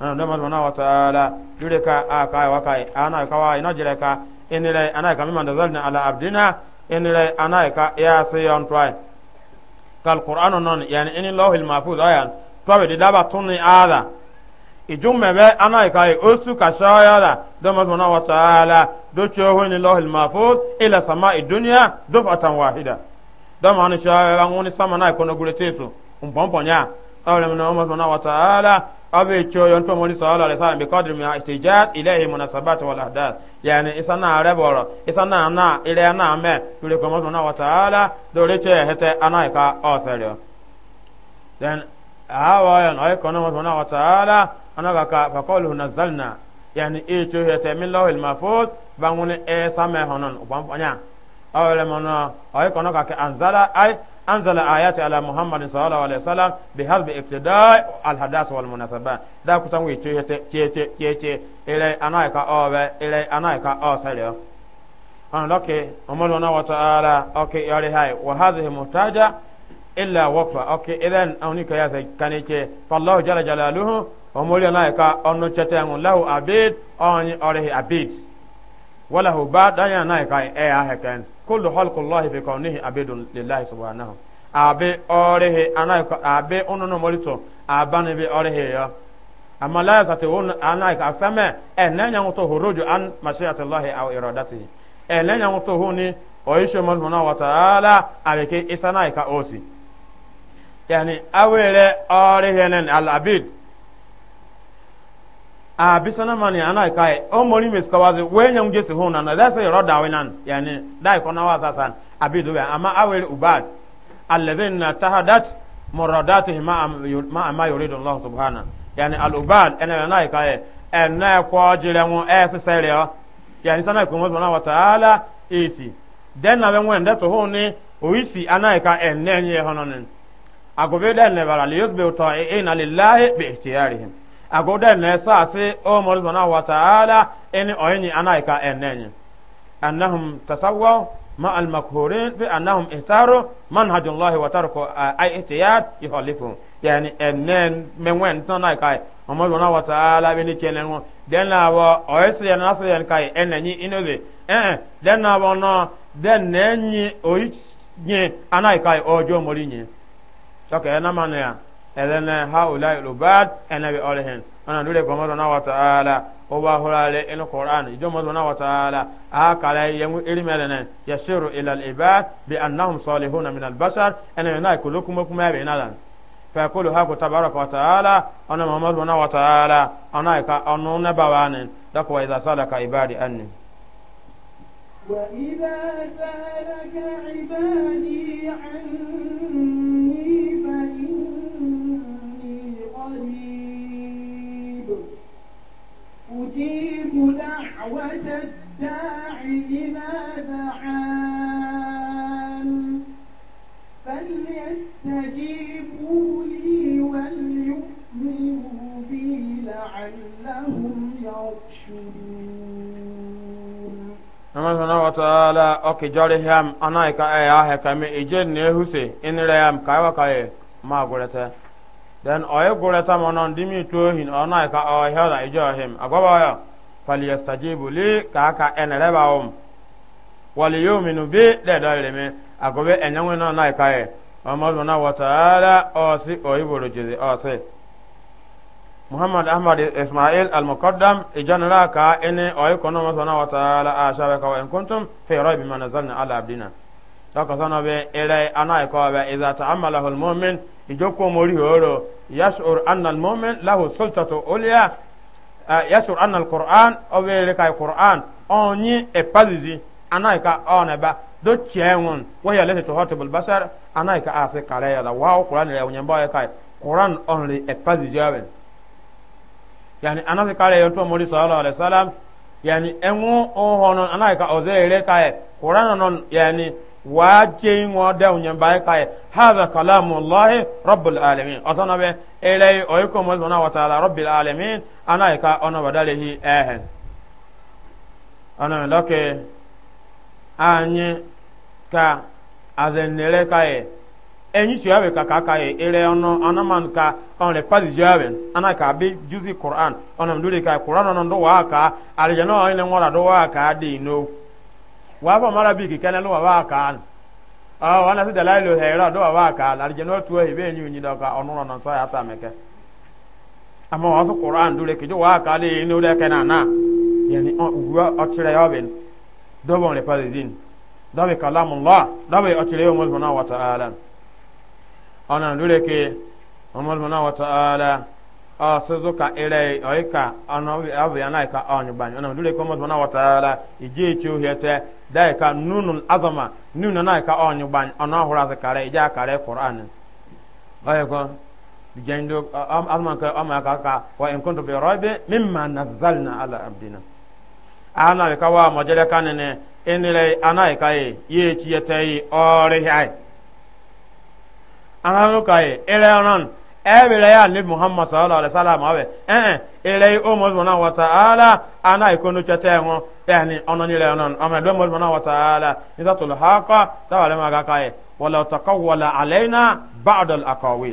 ana ndo mazmana wa taala yule ka aka wa kai ana kawa ina jere ka inile ana ka mimma ndazalna ala abdina inile ana ka ya sayon twai kal Qur'an non yani in lawhil mahfuz ayan tabe de daba tunni ala ijumme be ana ka osu ka shaya da ndo mazmana wa taala do chohu in lawhil mahfuz ila sama'i dunya dufatan wahida ndo ma ni shaya ngoni sama na kono guleteso umpomponya awle mna wa taala abe cho yon to moni sallallahu alaihi wasallam bi qadri min ihtijat ilayhi munasabat wal ahdath yani isana reboro isana na ile na me tule ko mo na wa do le che hete anai ka osere then awa yon ay ko mo na wa anaka ka fa qawluhu nazalna yani e cho hete min lawil mafuz bangune e same honon ubam panya awle mo na ay ko no ka ke anzala ay أنزل آيات على محمد صلى الله عليه وسلم بحسب ابتداء الحداث والمناسبة. دا كتنوي تيتي تيتي تيتي إلي أنا أنايكا أوه إلي أنايكا أوسليو أنا لكي أمر الله وتعالى أوكي يالي هاي وهذه محتاجة إلا وقفة أوكي إذن أونيك يا ياسي كانيكي فالله جل جلاله أمر أنايكا أنو تتنون له عبيد أوني أوليه عبيد وله بعد أنا أنايكا إيه أهكين kullu halqullahi fi kawnihi abidun lillahi subhanahu abe orehe anaika abe onono molito abane be orehe ya amalaika te won anaika asame enenya ngoto huruju an mashiatillahi aw iradatihi enenya huni oisho mulmuna wa ta'ala abeke isanaika osi yani awere orehe nen al abid abisana ah, mani ana kai e. o mori mes kawaze wenya mjesi hona na that's a roda winan yani dai kona wa sasan abidu be ama awel ubad alladhina tahadat muradatihim ma ma ma yuridu Allah subhanahu yani al ubad ana ana kai e. ana ko jire mu e se sere yani sana ko mo wa taala isi den na ben wenda to hone o isi ana ka enne ye hononen agobe den ne bala liyusbi ta'ina lillahi bi ihtiyarihim agoda na sa se o mo subhanahu wa ta'ala en oyni anaika enenye annahum tasawwa ma al makhurin fi annahum ihtaru manhajullahi wa tarku ay ihtiyad yuhallifu yani enen menwen tonaika o mo subhanahu den na wo oyse ya nasu kai eh, eh den na wo no den oyi nye ojo na manu ya elene haula ilubad ene bi olehen ana dule ko mo na wa taala o wa hulale en qur'an jo mo na wa taala a kala yemu ilmelene yasiru ila al ibad bi annahum salihun min al bashar ene na kulukum kuma be nalan فيقول هاكو تبارك وتعالى أنا محمد بن وتعالى أنا إكا أنو نبوان لك وإذا سألك عبادي أني وإذا سألك عبادي عني أجيب دعوة الداع إذا دعان فليستجيبوا لي وليؤمنوا بي لعلهم يرشدون Nama sana wa ta'ala oke jori ham anai ka e ahe ka mi ijen ne huse in reyam ka wa ka e ma gurata then oye gure ta monon dimi tohin ona ka oye da ijo him agwaba ya falyastajibu li ka ka enere ba um wali yuminu bi de dole me agobe enyanwe na na ka e amadu na wataala osi oyiboro jeze osi muhammad ahmad ismail al muqaddam ijanra ka ene oye kono mo na wataala ashaba ka en kuntum fi raybi ma ala abdina to ka sana be ere ana ka be iza ta'ammalahu al mu'min ijoko mori horo yashur anna almu'min lahu sultatu ulya yashur anna alquran obere kai quran onyi epazizi anaika onaba do chenwon wa ya lati tuhatibul basar anaika ase kale ya da wa quran ya unyamba ya kai quran only epazizi yawen yani anase kale ya to mori sallallahu alaihi wasallam yani enwo ohonon anaika ozere kai quran non yani waje kai hadha kalamu allah rabbul alamin be oyko mo zona wa taala rabbil alamin ana ka ona badalehi ehen ana loke anye ka azenere kai enyi shi awe ka kaka ye ere ono anaman ka on le padi jawe ana ka bi juzi qur'an ona ka qur'an ona ndo wa ka aljana ona ngora do wa ka di no waba mara bi kikene no waba kan ah wana si dalailu heira do waba kan arjeno tuwe hibe nyu nyi doka onuro non so yata meke ama wasu qur'an dure kijo wa ka le ni ule kana na yani uwa otire yoben do bon le pale din do be kalamullah do be otire yo mulhuna wa ta'ala ana dure ke wa ta'ala oika ko wa ta'ala dai ka nunul azama nunu na ka onyu ban ono ahura ze kare ija kare qur'an ayo ko jendo am azman ka am ka ka wa in kuntu bi rabbi mimma nazzalna ala abdina ana ka wa majere kanene enile e, e, ana ka ye ye chi yete yi ore hai ana ka ye ele onan ɛbɛrɛ yà ní muhammad sallallahu alaihi wa sallam ɔbɛ ɛn ilẹ̀ yìí ó mọ̀sùn náà wọ̀tá ala aná ìkónú tẹ́tẹ́ wọn ɛni ɔnà nílẹ̀ ɔnà ɔmọ ɛdó mọ̀sùn náà wọ̀tá ala níta tó lọ hàkọ́ táwọn ɛlẹ́mọ̀ àgàkà yẹ wọlé ọ̀tọ̀kọ̀ wọlé àlẹ́yìnà bàdàl àkọ́wé.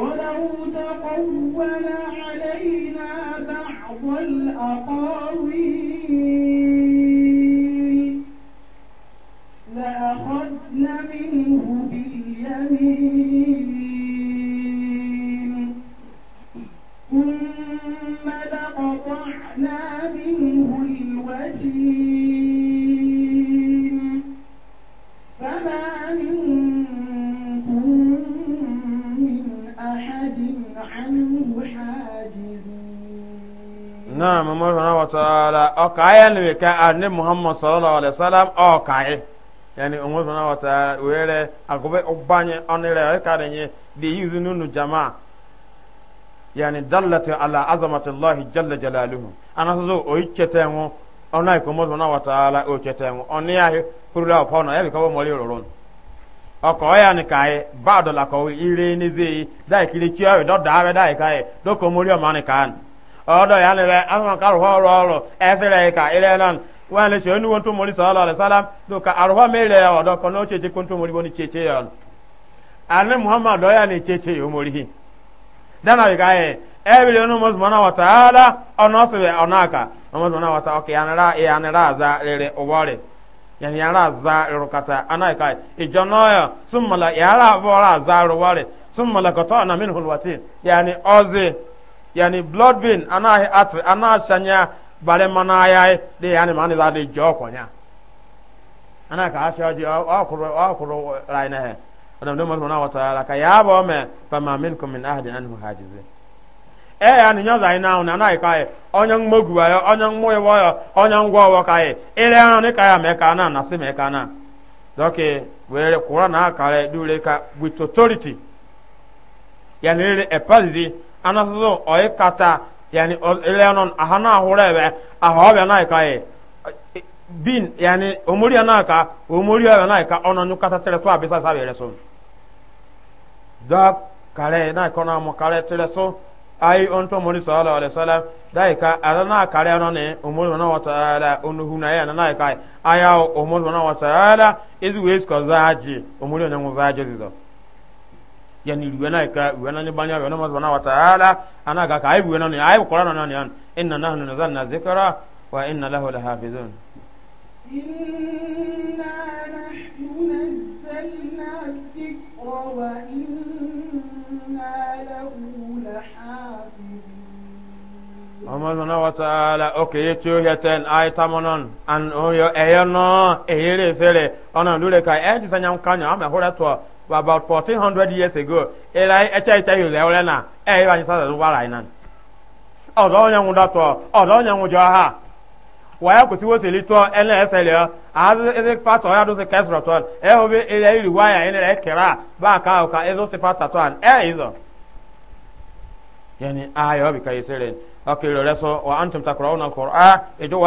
ولو تقول علينا بعض الأقاويل لأخذنا منه اليمين ثم لقطعنا منه الوتين فما منكم من أحد عنه حاجزين نعم الله سبحانه وتعالى أوكاي أنبي كأن محمد صلى الله عليه وسلم أوكاي yani umar subhanahu wa were agobe ubanye onire karenye de yuzu nunu jamaa yani dallatu ala jalla jalaluhu ana so o ona o oni ya purula opona ya bikawo mori roron ọkọ ya ni kae baado la ko ire ni ze dai kiri chiawe do dawe dai ahịa do ko mori o mani kan odo ya ni be ka ire nan wọn lè ṣe oníwọ̀n tó mọ̀rí sọ́ọ́lọ́ rẹ̀ sálám tó ka àrùfọ́ mẹ́rẹ̀ ọ̀dọ́ kan náà ṣèṣe kó tó mọ̀rí wọn ní ṣèṣe yọ̀ àní muhammad ọ̀yà ní ṣèṣe yóò mọ̀rí hì dáná yìí káyẹ̀ ẹ bí lẹ́nu mọ̀sùmọ́nà wọ̀tá ala ọ̀nà ọ̀sẹ̀ ọ̀nà àkà mọ̀sùmọ́nà wọ̀tá ọ̀kẹ́ yanira àza rere ọwọ́ rẹ̀ yanira àza rukata anáyìíká ìjọ náà súnmọ̀lá yàrá yani ọ̀zẹ̀ yani blood vein anáhìí àtìrì anáhìí sanya bare mana ya de ya ne mani za de jo konya ana ka asha ji akuru akuru raina he adam do mun wa taala ka ya bo me fa ma minkum min ahadin anhu hajiz e ya ni nyoza ina una na ka e onya ngmogu ayo onya ngmo ewo ayo onya ngwo wo ka e ile ran ni ka ya me ka na na se me ka na doke were kura na akare dure ka with authority ya ne le epazi anazo oikata e yani elenon ahana horebe ahobe na kai e, bin yani omori na ka omori ya na ka ono nyuka tatere so abisa sabe reso da kare na ka na mo kare tere so ai onto mori sallallahu alaihi wasallam dai ka arana kare no ne omori na wata ala onuhu na ya na kai aya omori na wata ala izu wes ko zaji omori na mu zaji zizo yani luwena ka luwena ni banya luwena mazbana wa ta'ala ana ga kai luwena ni ai qur'ana nan yan inna nahnu nazalna dhikra wa inna lahu lahafizun inna nahnu nazzalna dhikra wa inna lahu lahafizun amazbana wa ta'ala okay yetu yaten ai tamonon an oyo eyono eyere sere ona lure ka eji sanyam kanya ama horato for about 1400 years ago ịra eche eche yi na ee ịba anyị sasa wara ịnan ọdọ onye nwụ dọtọ ọdọ onye nwụ jọ ha waya kwesiwo sili tọ ẹnna ẹsẹ lẹ ọ ahazị ẹsẹ pata ọya dọsị kẹsịrọ tọ iri waya ịnara ẹkẹrẹ a baa ka ahụ ka ẹzọ sị pata tọ ịzọ yani ka a oh,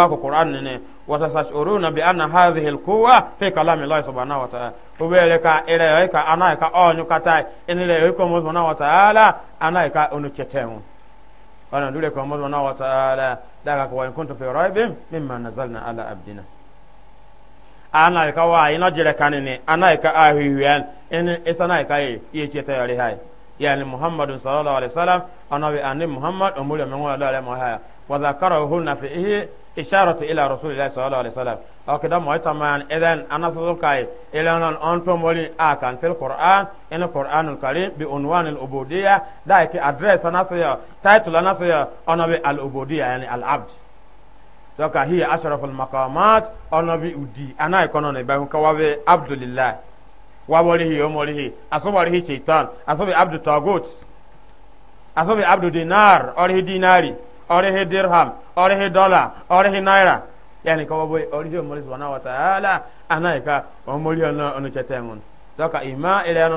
watasashuruna bi anna hadhihi alquwa fi kalami Allah subhanahu wa ta'ala ubele ka ile ka anai ka onyu katai inile yuko mo subhanahu wa ta'ala anai ka onu chetemu ana dule ko mo wa ta'ala daga ko kuntu fi raibin mimma nazalna ala abdina anai ka wa ina jire kanini anai ka ahiyan in isanai ka ye chete yari hai yani muhammadun sallallahu alaihi wasallam anabi anni muhammad umuri amengola dale mo haya wa dhakarahu na fi isharatu ila rasulillahi sallallahu alaihi wasallam o kida mo taman idan anasu kai ilanan on to moli a kan fil qur'an in qur'anul karim bi unwan al ubudiyya da ki address anasu ya title anasu ya onabi al ubudiyya yani al abd so ka hiya ashraful maqamat onabi udi ana ikono ne ba ka wabe abdulillah wa walihi yo molihi asubarihi shaitan asubi abdu tagut asubi abdu dinar orhi dinari orihi dirham ọrịghị dọla ọrịghị naira yani ka wabo orihi omori subhanahu wa ta'ala ana ka omori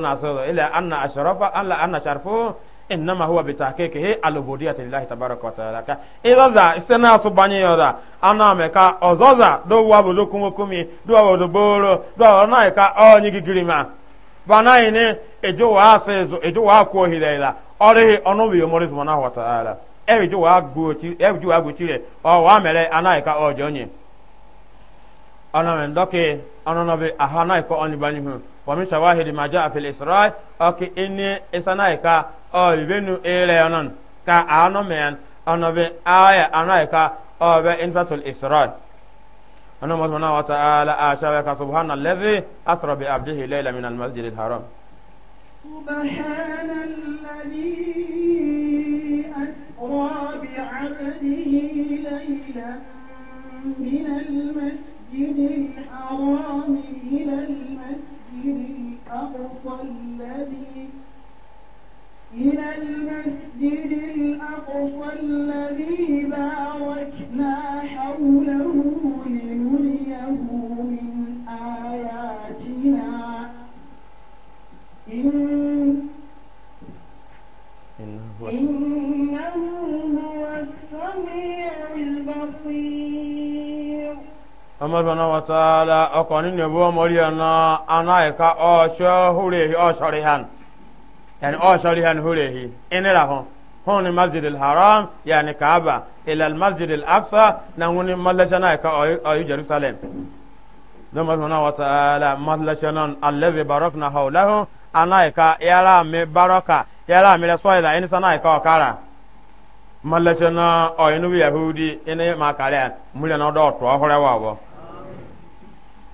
na so ila anna ashrafa dọka anna sharfu innama huwa bitahqiqihi al-ubudiyyati lillahi tabaraka wa ta'ala ka isena banye yoda ana ozoza do kumi do boro do na ka onyi gigirima ejo wa ejo wa ko bi wa ta'ala ɛrɛdzi wa gbɔtsi ɛrɛdzi wa gbɔtsi rɛ ɔ wa mɛlɛ anayi ka ɔdzɔ nye ɔnɔmɛ ndɔke ɔnɔnɔbi aha anayi ka ɔnibani hu wɔmi sawa hedi ma dza afɛlɛ srɔɛ ɔke ene esanayi ka ɔyibenu eyrɛ ɔnɔn ka anɔmɛ ɔnɔbi ayɛ anayi ka ɔbɛ infatol srɔɛ ɔnɔmɔ sɔnna wa taala ahyɛ wɛ ka subhana lɛvi bi abdihi lɛyla min almasjid alharam. subhana رابع بعبده ليلا من المسجد الحرام إلى المسجد الأقصى الذي إلى المسجد الأقصى الذي باركنا حوله لنريه من آياتنا إن إنه السميع البصير ọmọ sọ náà wọ́tàlá ọkọ̀ nínú ọ̀nà anáìka ọ̀ṣọ́ húrèhì ọ̀ṣọ́rí yàní ọ̀ṣọ́rí hàn ẹnìlá hàn hàn ní masjid al-haram yàní kaaba ilẹ̀ masjid al-aqsa náà wọn ní malasha náà ẹ̀ka ọ̀yọ́ jerusalem lọ́mọ sọ náà wọ́tàlá malasha náà alẹ́bí barok náà hàn lẹ́hùn anáìka yàrá mi barọ́ka yàrá mi rẹ̀ sọ́ọ̀lá ẹni malacha oh, na oyinu yahudi ina ma kare mulya na do to hore wa bo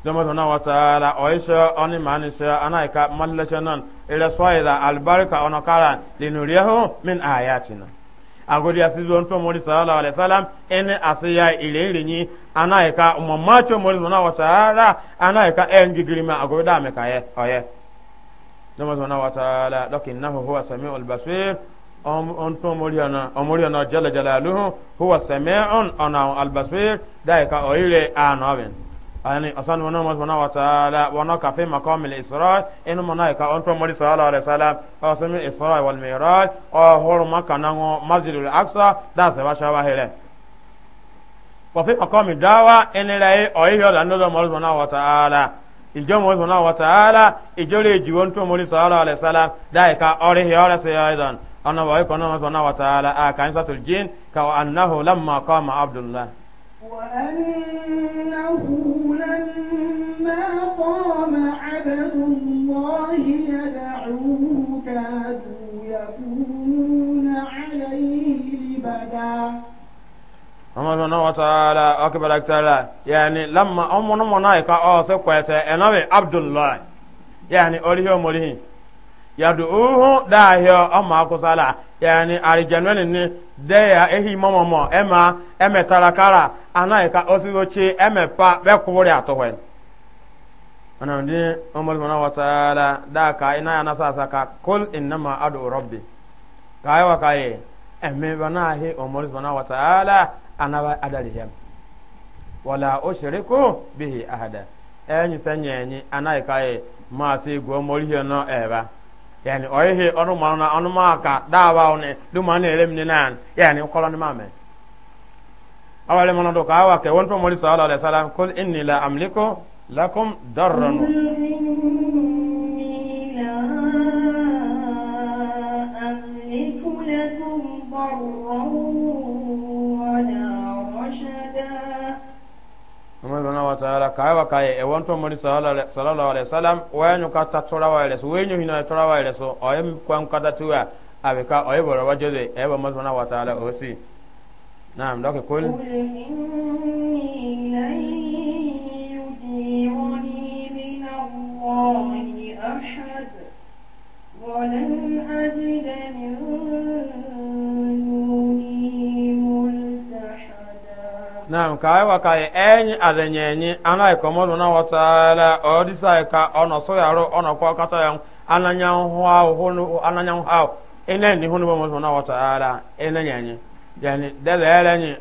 jama to na wa taala oisha oni mani sha anaika malacha nan ila swaida albarka ona kara linuriyahu min ayatina agodi asizo nto mori sallallahu alaihi wasallam ene asiya ile ile ni anaika umamacho mori na wa taala ka engigirima agodi ameka ye oye jama to na wa taala lakinnahu huwa samiul basir onto moriana omoriana jala jalaluhu huwa sami'un ana albasir daika oire anawin ani asan wana mas wana wa taala wana ka fi maqam al isra in monaika onto mori sallallahu alaihi wasallam asami isra wal mi'raj o hor makana ngo masjid al aqsa da se wa shawa hele wa fi maqam dawa in lai oire da ndo mori wana wa taala ijo mori wana wa taala ijo le jiwon to mori sallallahu alaihi wasallam daika ore he ore se ana wa yakuna ma subhanahu wa ta'ala a ah, kan satul jin ka annahu lamma qama abdullah wa annahu lamma qama abdullah yad'uhu kadu yakununa alayhi libada ama subhanahu wa ta'ala akbar ta'ala yani lamma amuna mona ka o oh, se kwete enabe abdullah yani olihi o yadu uhu dahio ọmọ akusala yani arijanwani ni deya ehi mọmọmọ tarakara ya nasa saka kul innama adu rabbi kai wa kai ẹmẹ bana hi umar mana wa taala anaba adarihim wala ushriku bihi ahada ẹnyi sẹnyẹnyi anayika ye maa si gomori hiyo no yani oyehe ọnụ mmanụ na ọnụ mmanụ aka daaba ọnụ duma na ere mne nan yani kọlọ ni mame awale mmanụ dọka awa ke wọn tọmọli sallallahu alaihi wasallam kul inni la amliku lakum darran لا أملك لكم ضرا subhanahu wa ta'ala kaya wa kaya e wonto mori sallallahu alaihi wasallam wayanyu ka tatora wa ile so wayanyu hina tora wa ile so oyem kwan kada tuwa abeka oyeboro wa jode e ba mazmana wa ta'ala osi نعم لك قل قل إني لن يجيرني من الله أحد ولن أجد من naam ka ayi wa ka a ɛɛnyi adɛnyɛɛnyi ana yi kɔmɔdu na wataala ɔdisa yi ka ɔnɔ soyaro ɔnɔ kɔ kata yɛn ananyan hwaw honu ananyan ni bɔ na wataala ina nyɛɛnyi yanni dɛlɛ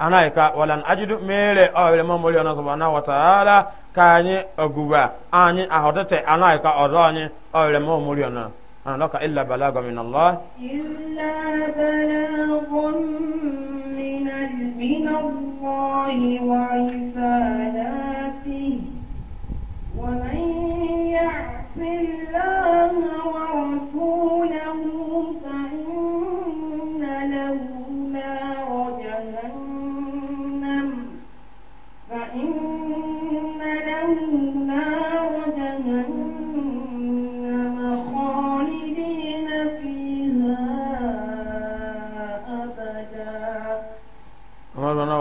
ana ka meere ɔyɛlɛ ɔnɔ na wataala ka anyi oguba anyi ahɔtɛtɛ ana ka ɔdɔ anyi ɔyɛlɛ ɔnɔ. أنا لك إلا بلاغ من الله إلا بلاغ من من الله وعباداته ومن يعص الله ورسوله فإن له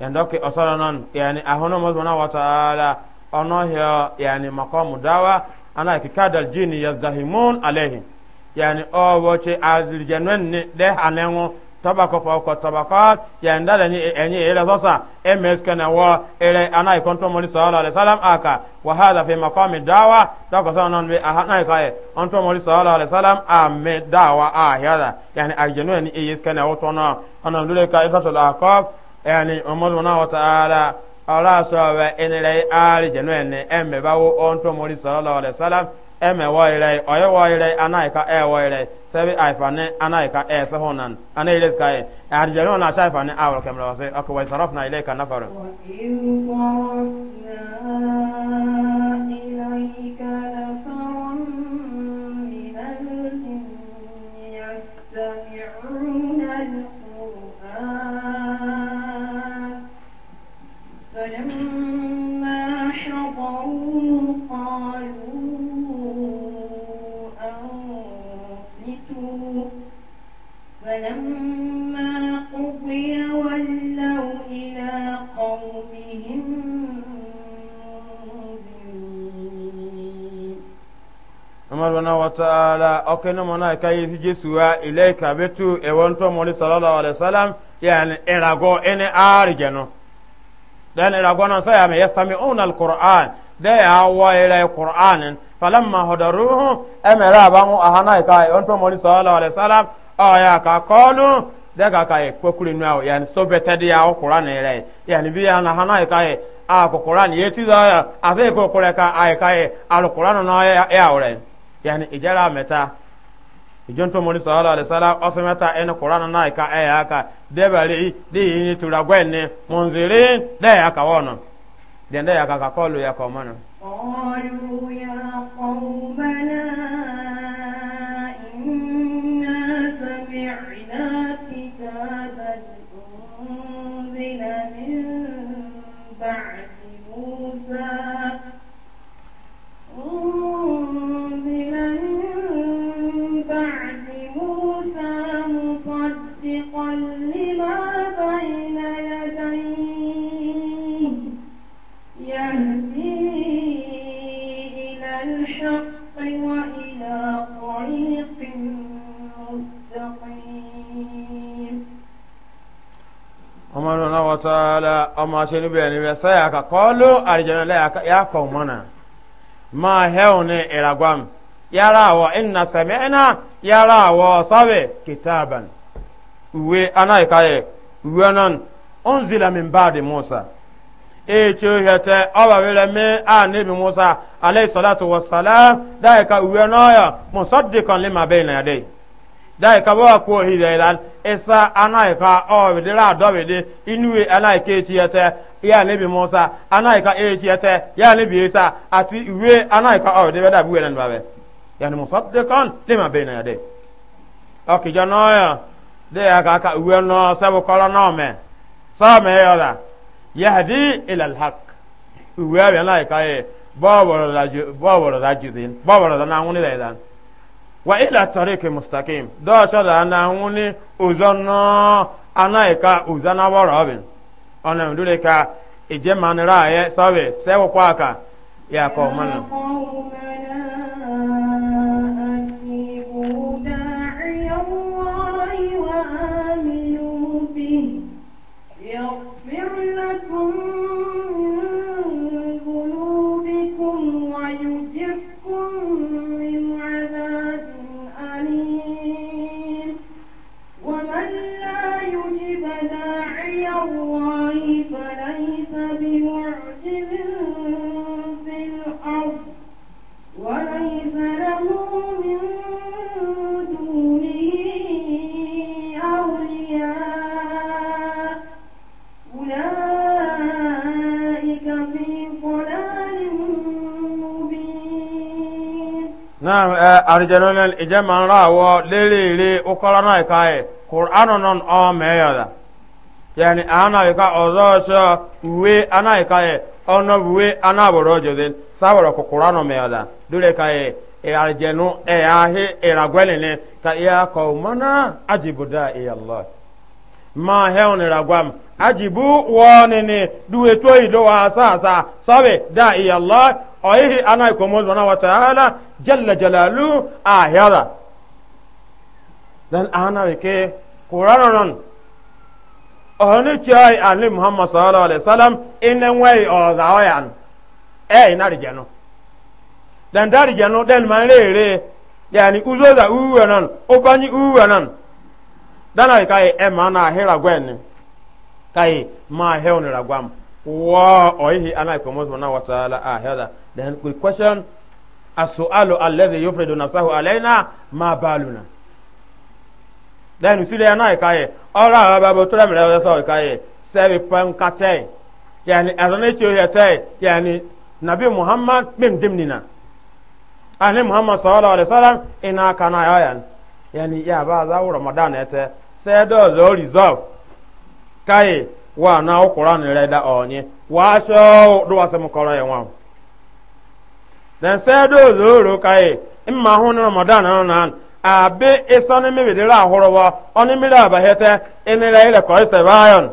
yandoke osoro non yani ahono mo subhanahu wa ta'ala ono hiyo yani maqamu dawa ana kikada aljini yazdahimun alayhi yani o woche azil janwan ne de hanengo tabako fa ko tabakat yani dala ni e, enyi ila sasa emeska na wa ila ana ikonto mo sallallahu alaihi wasallam aka wa hadha fi maqami dawa tabako sa non be ana kai onto mo sallallahu alaihi wasallam amme dawa ahira yani aljanwan ni eyeska na wotono ana ndule ka ikatul aqab yani umar subhanahu wa ta'ala ala sɔɔbɛ enire aali jɛnu ɛni ɛmɛ bawo ɔntɔ mori sallallahu alaihi wasallam ɛmɛ wɔyire ɔyɛ wɔyire anayi ka ɛ e wɔyire sɛbi ayifani anayi ka ɛ e sɛho nan ana yire sika ye alijɛnu ɔna ahyɛ ayifani awɔrɔ kɛmɛ lɔsɛ ɔkɛ wɔyi sarɔf na yire ka nafaru. وإن صرفنا إليك نفرا فلما حضروه قالوا أنصتوا فلما قضي ولوا إلى قومهم amalwana wataala okene mona kayi fi jesuwa ilaika uh, betu ewonto moli dan ira gona saya me yastami'una alquran de ya wa ila qur'anin falamma hadaruhu amara bangu ahana oh, ka on to mori sallallahu alaihi wasallam aya ka qalu de ka kai kokuri nwa yani so beta ya qur'an ira yani bi ana hana ka a ko qur'an yeti da ya afi ko qur'an ka ai ka e alquran no ya ya ore yani ijara meta ijonto moni sallallahu alaihi wasallam osemata en qur'an na ka aya ka debali di ni tura gwenne munzirin da ya wono den da ya ka kolu ya ka mana qalu ya qaumana لما بين يديه يهدي إلى الحق وإلى طريق مستقيم Umaru na wataala ọmọ ṣe níbi ẹni bẹ sẹ́yà ká kọ́ọ́lù àrìjẹ́nà lẹ́yà kọ́ mọ́nà máa hẹ́wọ̀n ní ìràgbọ́n yàrá àwọ̀ ìnà sẹ̀mẹ́nà yàrá àwọ̀ sọ́bẹ̀ kìtàbàn. uwe anaghị ka ya uwe nan unzila min ba'di musa eche ohete ọbawere mee a na-ebi musa alayhi salatu wassalam daghị ka uwe n'ọya musaddikan lima bayna yadayhi daghị ka bọwa kwuo ohide ilan isa anaghị ka ọbidere adọbide inuwe anaghị ka echi yete ya na-ebi musa anaghị ka echi yete ya na-ebi isa ati uwe anaghị ka ọbidere dabi uwe nan babe yani musaddikan lima bayna yadayhi ọkịja n'ọya de ya ka aka uwe no sabu kolo no me so me ya yahdi ila alhaq uwe abi na ka e da ju da ju din da na nguni da idan wa ila tariq mustaqim do sha da na nguni uzono na uzana wara abi ona ka ije manira ye kwa ya ko naam eh, arjanonal ijaman rawo lelele ukolana ikaye qur'ano non o meyoda yani ana ika ozo so we ana ika ikaye ono we ana borojo den saboro ko qur'ano meyoda dule kaye e, e arjanu e ahi e ne ka iya ko mana ajibuda e allah ma heon e ragwam ajibu wonene duwe toyi do wa sasa sabe da iya Allah oyihi anai ko mo zona wa ta'ala jalla jalalu ahira dan ana ke qur'anon ohne chai ali muhammad sallallahu alaihi wasallam inen wai o zawayan e ina rijano dan dari jano den man rere yani uzo da uwe nan obanyi uwe nan dan ai kai e, e ma na ahira gwen kai ma hew ni ragwam wa oihi ana ko mo na wa taala a ah, hada then the question as-su'alu alladhi yufridu nafsahu alaina ma baluna then usile ana kai ora ba bo tura mi ra so kai sebi pan kate yani azane cho yate yani nabi muhammad mem dimnina ahli muhammad sallallahu alaihi wasallam ina kana yayan yani ya ba za ramadan ete sai do resolve kai wa na ukura ni reda onye wa so do e wa then say do kai imma hu na ramadan na na abe isoni mi bidira ahoro wa oni mi da ba hete inira ile ko ise bayon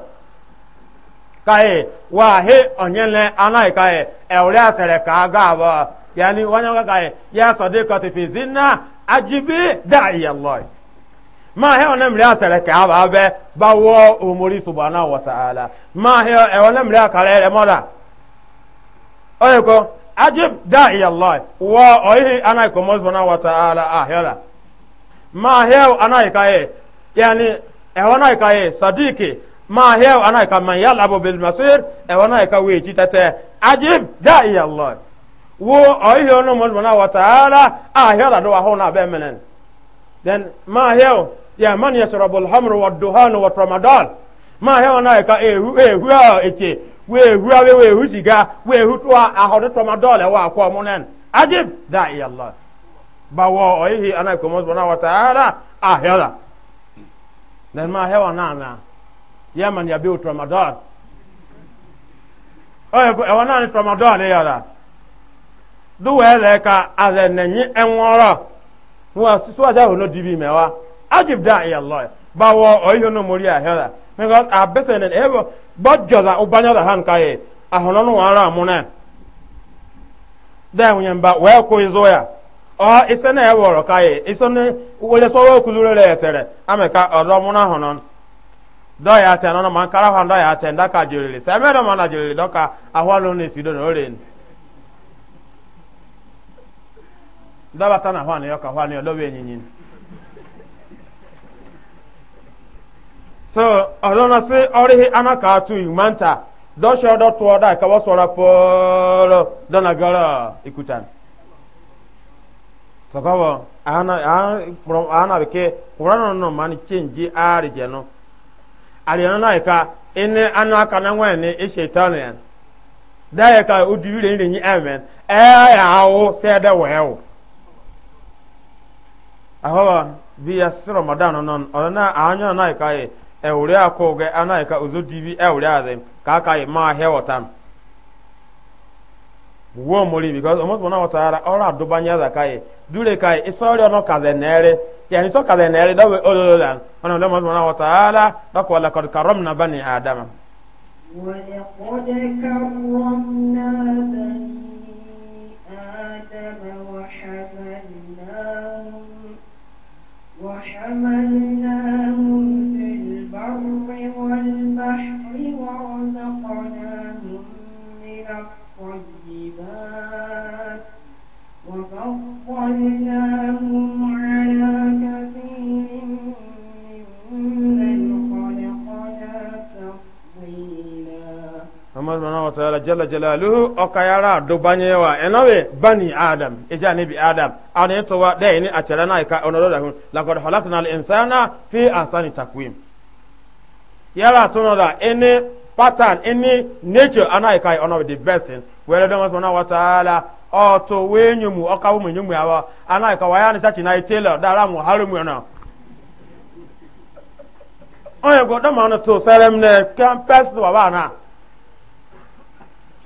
kai wa he onye le anai kai e asere ka ba yani wanya kai ya sadiqati fi zinna ajibi da'i allah ma he ona mri asere ka aba be ba omori subhanahu wa ta'ala ma he e ona mri akare moda oyeko ajib da'i allah wa oyi ko mo wa ta'ala ahira ma he yani e ona sadiki ma he ka man bil masir e ona ka ajib da'i allah wo oyi ona mo subhanahu wa ta'ala e, e ahira do wa hona be menen then ma he ya man yashrabu alhamru wadduhanu wa ramadan ma hewa na ka ehu ehu a eche we ehu a we ehu siga we ehu to ahodo ramadan e wa akwa munen ajib da ya allah oyi ana ko mo subhanahu wa ta'ala ahela dan ma hewa na na ya man ya bi ramadan oye ko e wa na ramadan ya duwe le ka azenenyi enworo wa suwa ja ho no dibi mewa ajib ya allah ba wo oyo no mori ahera me a abese ne ebo bojjo da ubanya da han kai ahono no ara amuna da wunya ba we ko ya o ise na eworo kai iso ne wole so wo kulure le tere ameka odo mu na hono do ya te no man kara han do ya te nda ka se me do man na do ka ne no re hwa ne ka hwa ne we so ọlọ́nà sí ọríhì anákàtú ìmọ̀ntà dọ́ṣẹ́ ọdọ́ tó ọdá ìkàwọ́ sọ̀rọ̀ pọ́ọ́lọ́ dọ́nàgọ́rọ̀ ìkútan sọ̀kọ́wọ́ àánàbìkẹ́ kùránà nù mà ní chíǹjì àárìjẹ̀ nù àríyànà náà ìka ẹni anáka náà wọ́n ní ìṣe ìtọ́nù yẹn dáyẹ̀ ká ojú rẹ̀ ń rìn ẹ̀mẹ́ ẹ̀ yà sẹ́ẹ̀dẹ̀ wẹ̀ẹ́wò bí yà sí rọ̀mọ̀dánù náà ọ̀rọ̀ náà àányọ̀ náà ìka yìí ewuri akụ ge anaghị ka uzo dibi ewuri azị ka ka ma he wata. wo mori because almost one hour ọrụ ora adubanya za dure kai isori ono kaze nere yani ya kaze nere dawe na ono lo almost one la وحملناهم وحملناهم jalla jalaluhu o kayara do banyewa enawe bani adam eja ni bi adam ani to wa de ni achara na ka onodo da hun laqad khalaqna al insana fi ahsani takwim yara to da ene pattern ene nature ana ka ono the best in where do masona wa taala o to we nyumu o ka wo nyumu awa ana ka wa ya ni sachi na itela dara mu harumu na onye go do ma no to serem ne kan pes wa ba na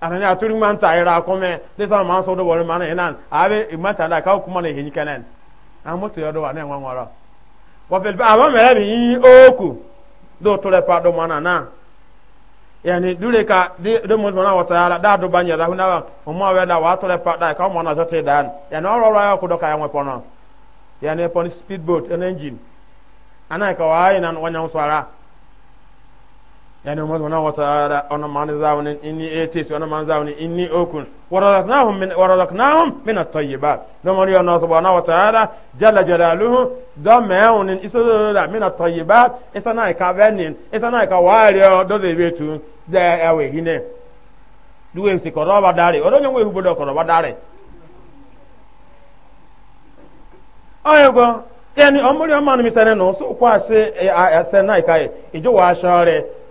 ana ne aturi man ta ira kome m'a man so do wori man enan abe mata da ka kuma ne hin kenan an mutu yodo wa ne nwa nwara wa fil ba ba mere bi oku do to le pa do mana na yani e dure ka de mo na wata ala da do banya da huna wa o mo da wa to le pa da ka mo na so te dan e ya ro ya ku do ka ya pono e pon an engine ana ka wa ina yani umar subhanahu wa ta'ala ono man zawni inni man inni okun warazaqnahum min warazaqnahum min at-tayyibat do man yo subhanahu wa ta'ala jalla jalaluhu do meun min at-tayyibat ka venin isana ka wari do de betu de awe hine duwe koroba dare oro koroba dare ayego yani omanu misane no so na ijo wa shore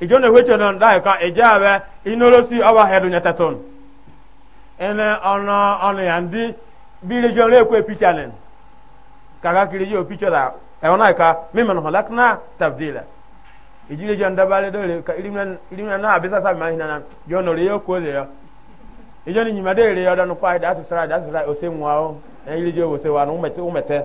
ijo na weche na ndai ka ejawe inolosi awa hedu nyataton ene ono ono ya ndi bile jo le kwe pichanen kaga kiri jo pichara e ona ka mimma no halakna tabdila ijile jo ndabale dole ka ilimna ilimna na abisa sa ma hinana jo no le ko le ijo ni nyima de le yoda no kwa da asira da asira osemwa o e ile jo wo se wa no umete umete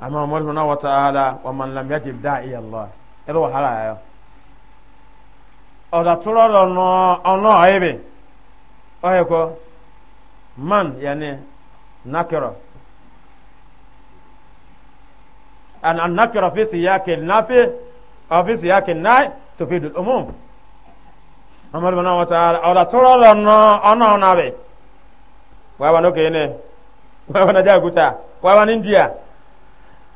amma Muhammad subhanahu wa wa man lam yajib da'i Allah ero wahala ya oda turo lo no ono o oye ko man yani nakira an an nakira fi siyaq al nafi fi siyaq al nahy tufid al umum Muhammad subhanahu wa ta'ala oda turo lo no ono nabe jaguta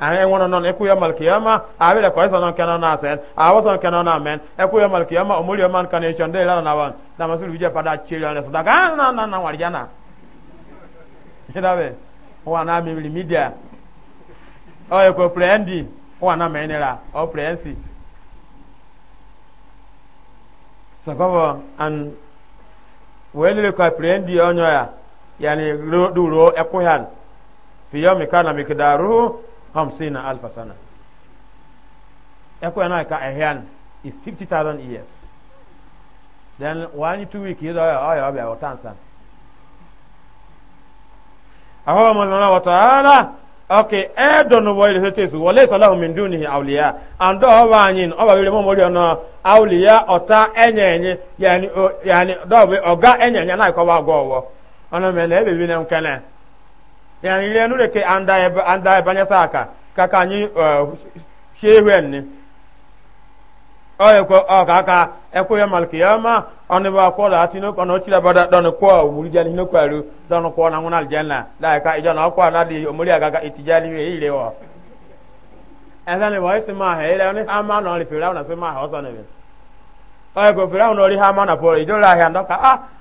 ahe wono non eku ya mal kiyama la ko sonon keno na sen awo son keno na men eku ya mal kiyama o muri man kan echon de la na wan na masul wije pada chiri ane so daga ah, na na na warjana ndabe wa na mi media o e ko prendi wa na menera o prensi sababu an wele ko prendi onyo ya yani ro duro eku han fiyo mikana mikidaruhu hamsina alfa sana ekwe na ka ehian is 50000 years then one two week yedo ayo abia otansan aho mo na wa taala okay e don no boy le tesu Wale salahu min dunihi awliya Ando do wa anyin o ba bele mo mori ona awliya ota enyenye yani yani do be oga enyenye na ko wa go wo ona me na be bi na mkana yani ile nure ke anda e, anda e banya saka kaka ni eh, shewen ni oye ko o kaka e ko yamal kiyama oni ba ko la tinu ko no chira bada don ko umuri jani no kwaru don ko na ngunal janna la ka ijo na ko na di umuri aga ka itijali we ile wo ezani wa isma he ile oni ama no le fira na sema ha oso ne oye ko fira no ri ha ma na pore ijo la ha ndoka ah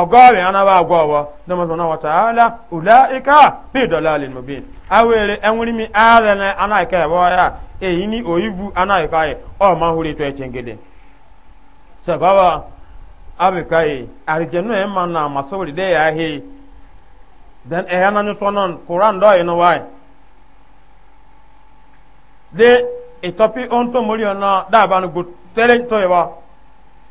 ọgọ́rin anáwó agwọ fi enwere ya èyí yẹ ọmọ ahúre tó ẹkyẹn gẹdẹ sọgbàwà abika yìí àrìjẹnú ẹ mma nà àmàsọwòrì dẹ yà áhẹ then ẹ yà nánú sọnà koran dọ yìí nù wáyé de ìtọ́pí ohun tó mórí ọ̀nà dáàbà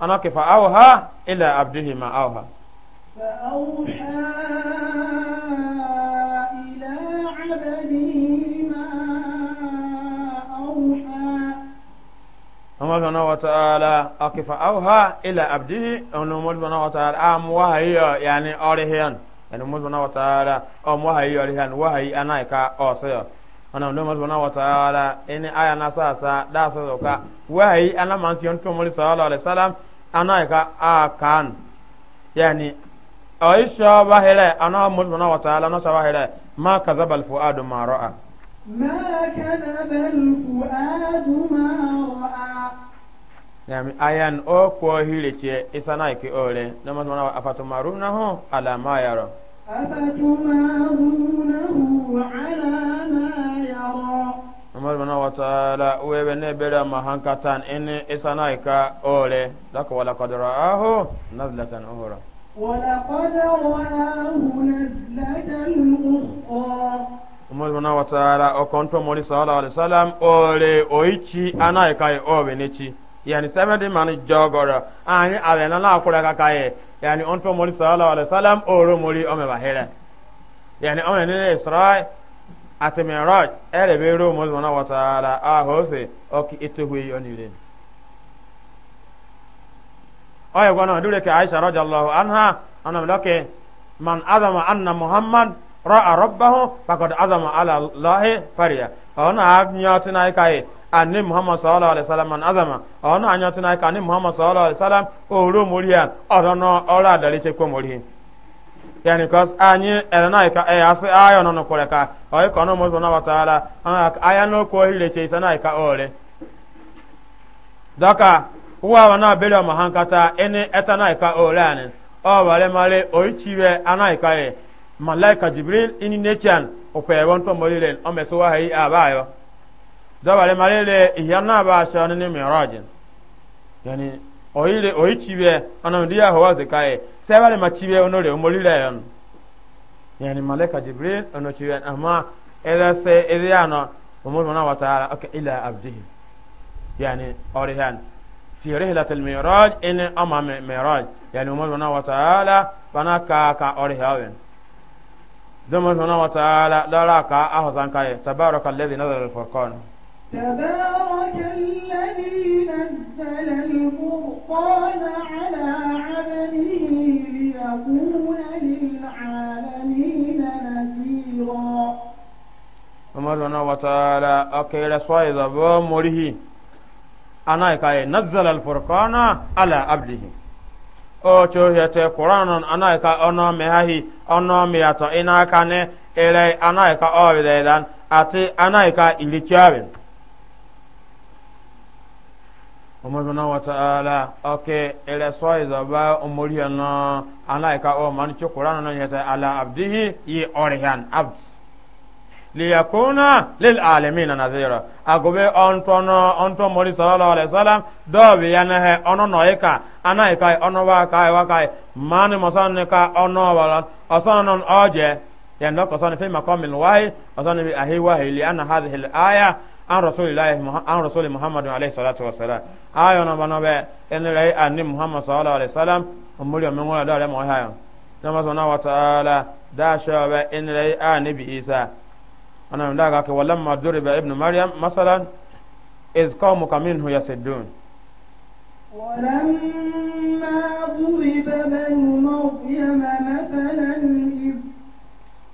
ana ke fa auha ila abdihi ma auha فأوحى إلى عبده ما أوحى الله سبحانه وتعالى أكف أوحى إلى عبده أن الله سبحانه وتعالى أم وهي يعني أرهن أن الله سبحانه وتعالى أم وهي أرهن وهي أنا كا أصير ana ndo mali wana wa ta'ala ini aya na sasa da sasa ka wahi ana man siyon to mali sallallahu alaihi wasallam ana ka a kan yani aisha bahira ana mulmuna wa ta'ala na sabahira ma kazaba al fuadu ma ra'a ma kazaba al fuadu ma ra'a yani ayan o ko hirice isana ki ore na mulmuna wa afatu maruna ho ala ma yaro afatu marunahu ala umar bin wa ta'ala uwe be ne bera mahankatan in isana ka ole dako wala qadra ahu nazlatan uhra ولقد رآه نزلة أخرى umar bin wa ta'ala o konto mori sallallahu alaihi wasallam ore oichi ana ka ore nechi yani seventy man jogoro ani awena na akura ka kai yani onto mori sallallahu alaihi wasallam oro mori o me yani o ne Israel ati miraj ɛrɛ bɛ ro mo zɔnna wa taala a hose ɔki ete hu eyi ɔnire ɔyɛ gbɔna dure ke aisha rɔja allahu anha ɔnam lɔke man azama anna muhammad ra'a rabbahu faqad azama ala allahi fariya ɔna anya nyɔti na ka ye ani muhammad sallallahu alaihi wasallam man azama ɔna anya nyɔti na ka ani muhammad sallallahu alaihi wasallam o ro moriya ɔdɔnɔ ɔra adali tse ko moriya yani cause anyị elena ka e asị aya nọ nọkwere ka oyi ka ọnụmụ ụzọ nabatara aya n'okwu ohileche isa na ka ore dọka ụwa wa na beri ọma ha nkata ịnị eta na ka ore anyị ọ mara wale mare oichiwe anaghịka e malaika jibril ini nechan ukwewo ntọ mọlile ọ mesuwa ha yi abayo dọbare mara le ihe na aba asọ ni mirajin yani ọnụ ndị ahụ ya ka ị. E. sɛbɛre ma cibe ono re omori re yon yani malaika jibril ono cibe amma ila se ila yana umur mana wa ta'ala aka ila abdihi yani orihan fi rihlat al miraj in amma miraj yani umur mana wa ta'ala bana ka ka orihawen zama mana wa ta'ala lara ka ahzan kai tabaraka alladhi nazara al furqan تبارك الذي نزل الفرقان على عبده ليكون للعالمين نذيرا Umar subhanahu wa ta'ala akere swai da ba murihi ana kai nazzala al-furqana ala abdihi o chohete qur'anan ana ka ono mehahi ono miyato ina kane ere ana ka obidedan ati ana ka ilikiabin ọmọdún wa ta'ala ọkẹ ẹlẹsọ ìzọba ọmọlúyà náà aláìka ọ mọ nítsọ kuran náà yẹtẹ ala abdihi yi ọrìhàn abd liyakuna lil alimi na nazira agobe ọntọnọ ọntọ mọri sọlọlọ alẹsọlá dọọbi ya nẹhẹ ọnọ nọyika anáyika ọnọ wa kai wa kai mani mọsán nika ọnọ wọlọ ọsán nọ ọjẹ yẹn lọkọsán fi makọ mi wáyé ọsán níbi àhíwáhìlì ana hadhihi aya an rasulillahi an rasuli muhammadin alayhi salatu wa salam ayo na bana be en rai anni muhammad sallallahu alaihi wasallam umuri o mengola dole mo hayo na ma sona wa taala da sha be en rai annabi isa ana nda ga ke walamma duriba ibnu maryam masalan iz qaumuka minhu yasiddun ولما ضرب بنو مريم مثلا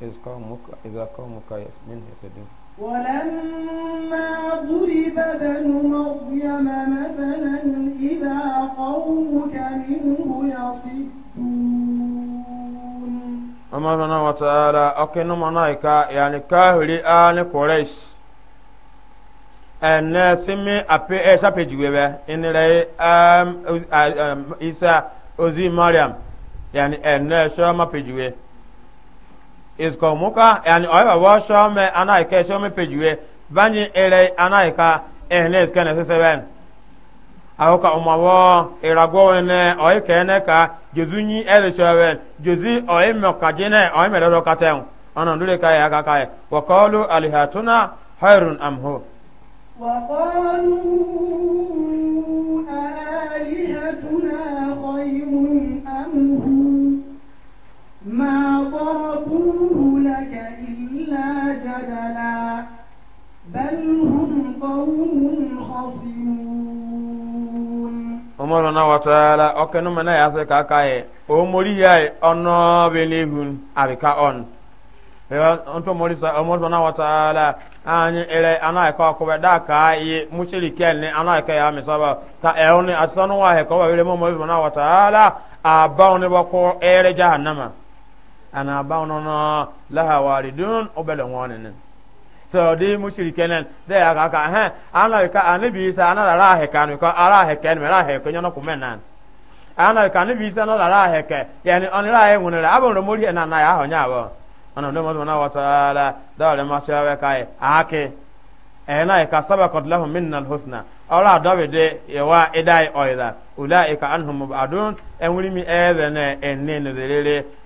إذ قومك إذا قومك منه يسدون ولما ضرب ابن مريم مثلا إذا قومك منه يصدون الله سبحانه وتعالى أكن منايكا يعني كاهلي آل قريش ɛnɛ simi ape ɛsɛ apedziwe bɛ ɛnɛ yi ɛm isa ozi mariam yani ɛnɛ sɛ ɔma iskomuka yani oiba bo shome anaike shome pejuwe banyi ere anaika ehne iskene seseben ahoka umawo iragowene oikene ka jozunyi ere shoben jozi oimokajine oimerero katen ana ndure kai aka kai wa qalu alihatuna khairun am hu wa qalu alihatuna khairun am hu ma tabu بدلا بل هم قوم خصمون أمرنا وتعالى أكن من يأسك أكاي أمري أنا بنيهن أبكا أن na anyị ere anaghịkọ akwụbe da ka anyị muchiri anụ anaghịkọ ya mesaba ka ẹhụni e atịsanụ nwaahị ka ọ wawere mọmọ ibu na wataala abawụ n'ịgbakọ ere jahannama ana ba no no laha waridun obele wonene so di mushrikenen de aka ka ha ana ka anabi isa ana la he kan ara he ko nyono ana ka anabi isa na la he ke yani on la abon na na ya nya bo ana mo na na ka sabaqat lahum minna ala dawide idai oida ulaika anhum mubadun ne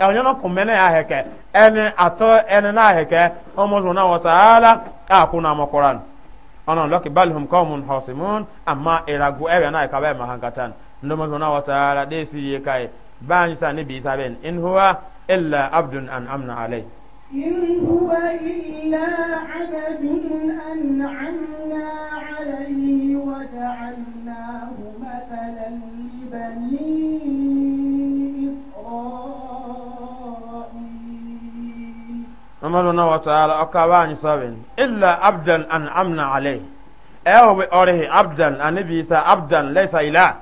ɛwɔnyɛ no kɔmɛnɛ ahɛkɛ ɛne atɔ ɛne na ahɛkɛ ɔmo zɔn na wɔta ala a ko na mɔkɔra no ɔnɔ lɔki balihum kɔmun hɔsimun ama iragu ɛwɛ na ɛka bɛ mahankatan ndomo zɔn na wɔta ala إن هو إلا عبد أنعمنا عليه وجعلناه مثلا لبني amaluna wa ta'ala akawa ni sabin illa abdan an amna alayhi ewa bi orihi abdan anabi isa abdan laysa ila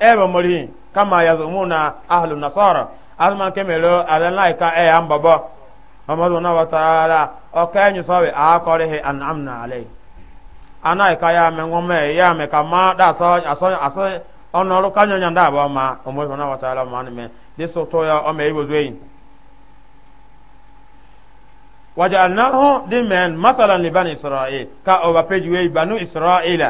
ewa mori kama yazumuna ahlu nasara alma kemelo ala laika e ambaba amaluna wa ta'ala okawa ni sabi akorihi an amna alayhi ana ka ya me ngome ya me kama da so aso aso onoru kanyo nyanda ba ma omo wa ma ni me diso to ya o me وجعلناه دمن مثلا لبني إسرائيل كأوبا بيجوي بنو إسرائيل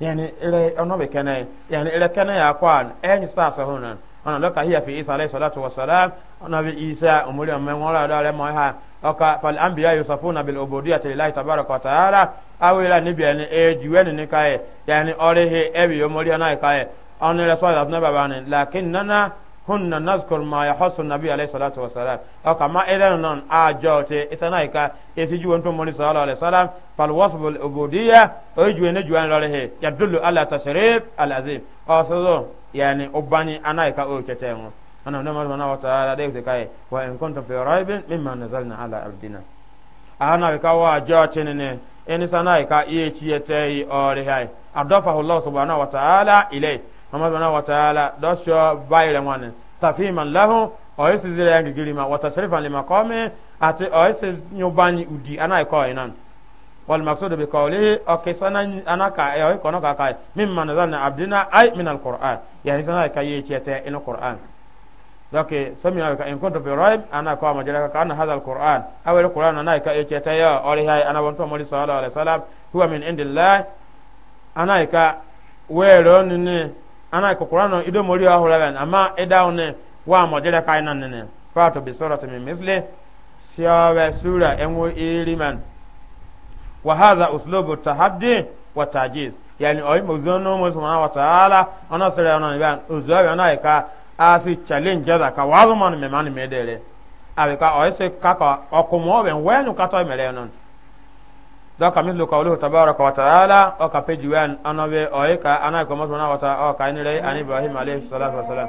يعني إلى أنو بكنا يعني إلى كنا يقال أين ساس هنا أنا لك هي في إيسى عليه الصلاة والسلام أنا في إيسى أمولي من ولا لا ما ها أكا فالأنبياء يصفون بالعبودية لله تبارك وتعالى أو إلى نبي يعني إيجوين نكاي يعني أريه أبي أمولي أنا كاي أنا لسوا لبنا بابان لكننا hunna nazkur ma yahassu nabi alayhi salatu wa salam aw kama idan non a jote itana ka eti juwon to moni sallallahu alayhi salam fal wasf al ubudiyya o juwe ne juwan lore he yadullu ala tashrif al azim aw so yani ubani anaika o ketemu ana ndo mar wa ta'ala dai kai wa in kuntum fi raibin mimma nazalna ala abdina ana ka wa jote ne ne eni sanaika iye chiyete yi ore hay adofa allah subhanahu wa ta'ala ilayhi mọ́mọ́sánà wàtàlá dọ́ṣọ́ báyìí rẹ̀ wọn ni tàfihàn lẹ́hùn ọ̀yẹ́sì zira yẹn gègé ma wọ́tà sẹ́rífà lè máa kọ́ mi àti ọ̀yẹ́sì nyọba ni ùdì anáìkọ́ yìí náà wọ́n máa sọ́dọ̀ bí kọ́ọ̀lì ọ̀kẹ́ sánà anáka ẹ̀ ọ̀yẹ́ kọ́nà kàkà yìí mi mà nàzà ní abdina ayi mi nà kọ́ran yẹn sánà ìka yìí tiẹ̀ tẹ́ inú kọ́ran dọ́kì sọ́mi náà ìka nǹkan dọ̀bẹ̀ rọ́ọ̀m anáka wà màjẹ́lẹ́ kàkà ana hazal kọ́ran awẹ́rẹ́ kọ́ran náà ìka yìí tiẹ̀ tẹ́ yọ ọ̀rẹ́ yà anábọ̀ ntọ́ mọ́lẹ́ sọ́ọ́lá ọ̀lẹ́ sálám huwa min indilá anáka wẹ́ẹ̀rọ̀ ana ko qur'ano ido mori wa hulaban amma idawne wa modele kainan nene fatu bi surati min misli siyawa sura enwo iriman wa hadha uslubu tahaddi wa tajiz yani oyi mozono mo subhanahu wa ta'ala ona sura ona ban uzawi ona ka asi challenge da ka wazo man me man medele abika oyi se kaka okumo ben wenu kato mele non dɔka mislu kawluhu tabaraka wa ta'ala o ka peji wen ana be o ye ka ana ko masu na wata o ka ni rai an ibrahim alayhi salatu wa salam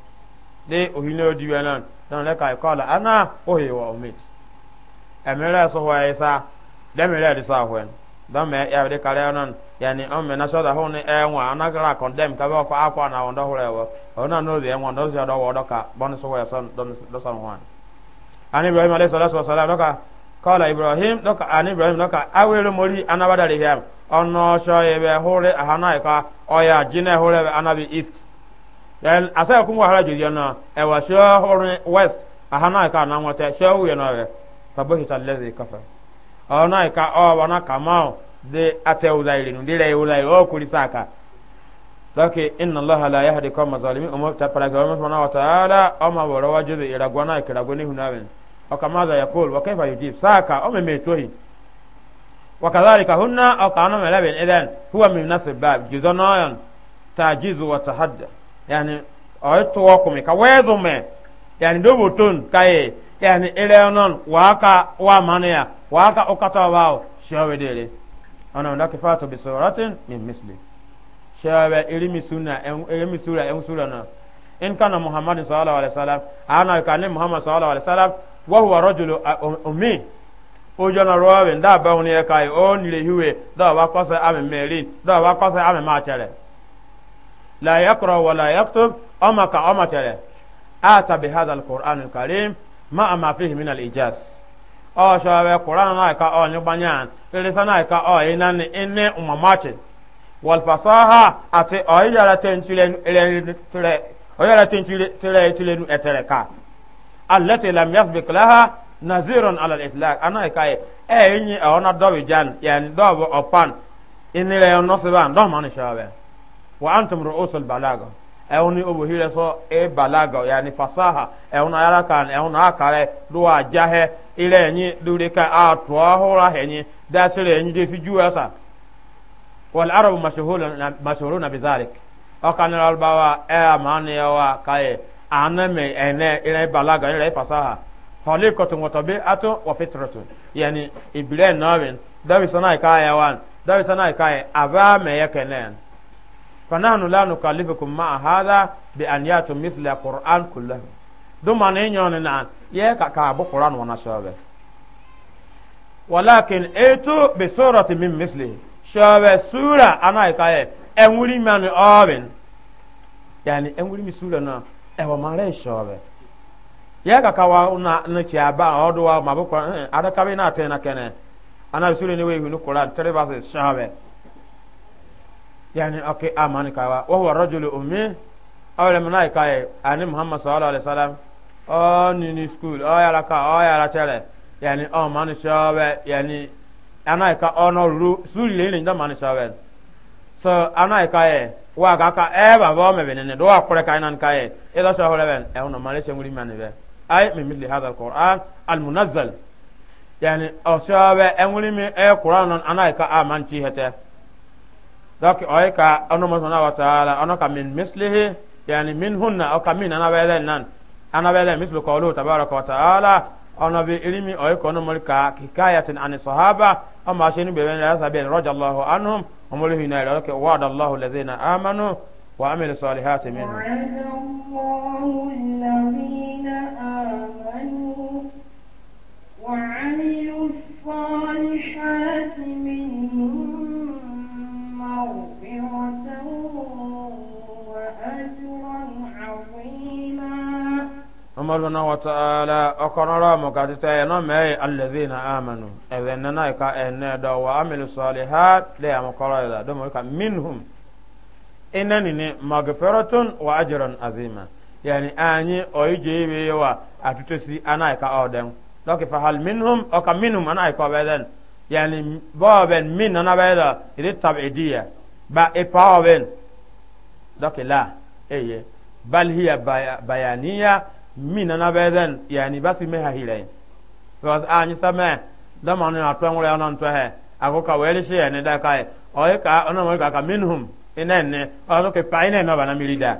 de ohine odi wenan dan le kai ana ohe wa umit emere so isa de mere de sa hwen dan me ya de kare nan yani on oh, me na so da hon ana gara condemn ka ah, ba kwa akwa oh, no de nwa ndo ka don do ani ibrahim alayhi doka ibrahim doka ani ibrahim mori then asɛ kum wɔ hara jodiɛ no west aha na ka na nwɔtɛ hyɛ wuyɛ no ɔyɛ fabohita lɛzi kafa ɔwɔ na ka ɔwɔ na kama de atɛ wulairi no de rɛ kuri saka inna allaha la yahdi kɔma zalimi ɔmɔ ta paraki ɔmɔ sɔnna wa taala ɔmɔ wa jode iragwa na ikiragwa n'ihu na bin wa kaifa yujib saka me tohi yani oy tuwo kumi ka wezu me yani dobo ton kaye yani ile non waka wa mania waka okata wao shawe dele ana unda kifatu bi suratin min misli shawe ilimi sunna sura sura na in kana muhammad sallallahu alaihi ana kana muhammad sallallahu alaihi wasallam wa rajulu um, ummi na o hiwe da ba kwasa ame ba chere لا يقرأ ولا يكتب أما كأما ترى آتى بهذا القرآن الكريم ما أما فيه من الإجاز أو شابه القرآن نايكا أو نبانيان لسا نايكا أو إنان إني أماماتي والفصاحة أتي أو يجارة تنشلين أتركا التي لم يسبق لها نظير على الإطلاق أنا إكاي إني أو ندوي جان يعني دوب أفان إني لا نصبان دوما نشابه wa antum ru'usul balaga ɛwni obo hire so e balaga yani fasaha ɛwna yara kan ɛwna akare do ajahe ire nyi dure ka atu ahora henyi da sire nyi de fiju asa wal arabu mashhurun mashhuruna bizalik akan albawa e amani wa kai aname ene ire balaga ire fasaha halikotun wa tabi'atu wa fitratun yani iblen nawin dawi sanai kaya wan dawi sanai kaya aba me yakenen fanahnu la nukallifukum ma hadha bi an yatum mithla qur'an kullahu do man e nyone na ye ka ka bu qur'an wana shabe walakin etu bi surati min mithli shabe sura ana ka e enwuri man oben yani enwuri mi sura na e wa mare shabe ye ka ka wa na na ci aba odo wa ma bu qur'an ada ka na na yani ake amani ah, kawa wa huwa rajulu ummi e, ani muhammad sallallahu alaihi wasallam o ni ni school o ka o tele yani o shawe yani ono ru ni da shawe so e, wa ga ka e ba ba me do nan e ben e be yani o shawe e, mi e qur'an ah, hete دوك أيكا أنو مثلا وتعالى أنو كمن مثله يعني من هنا أو كمن أنا بعلا نان أنا بعلا مثل قوله تبارك وتعالى أنا بإلمي أيكا أنو ملكا كفاية عن الصحابة أما شين بين رأس بين رج الله عنهم أمله هنا لك وعد الله الذين آمنوا وعمل الصالحات منهم. وعد الله الذين الصالحات منهم مغفرة وأجرا عظيما عمر بن وتعالى أقرر مكاتتا ينمي الذين آمنوا إذن نايكا إن دو وعملوا الصالحات لا مقرر دمرك منهم إنني مغفرة وأجرا عظيما yani anyi oyijeebeyowa atutosi anaika odem doki fahal minhum oka minhum anaika obeden yani bɔɔbɛn min nana bɛ la ire tabidiya ba e pɔɔbɛn dɔke la e ye bal bayaniya min nana bɛ yani because a ni samɛ dama ni na tɔn wɛrɛ nan tɔ hɛ a ko ka wɛri se yɛn ne da ka ye ɔ e ka ɔna ka ka e nɛ ɔ pa e nɛ nɔ bana miiri da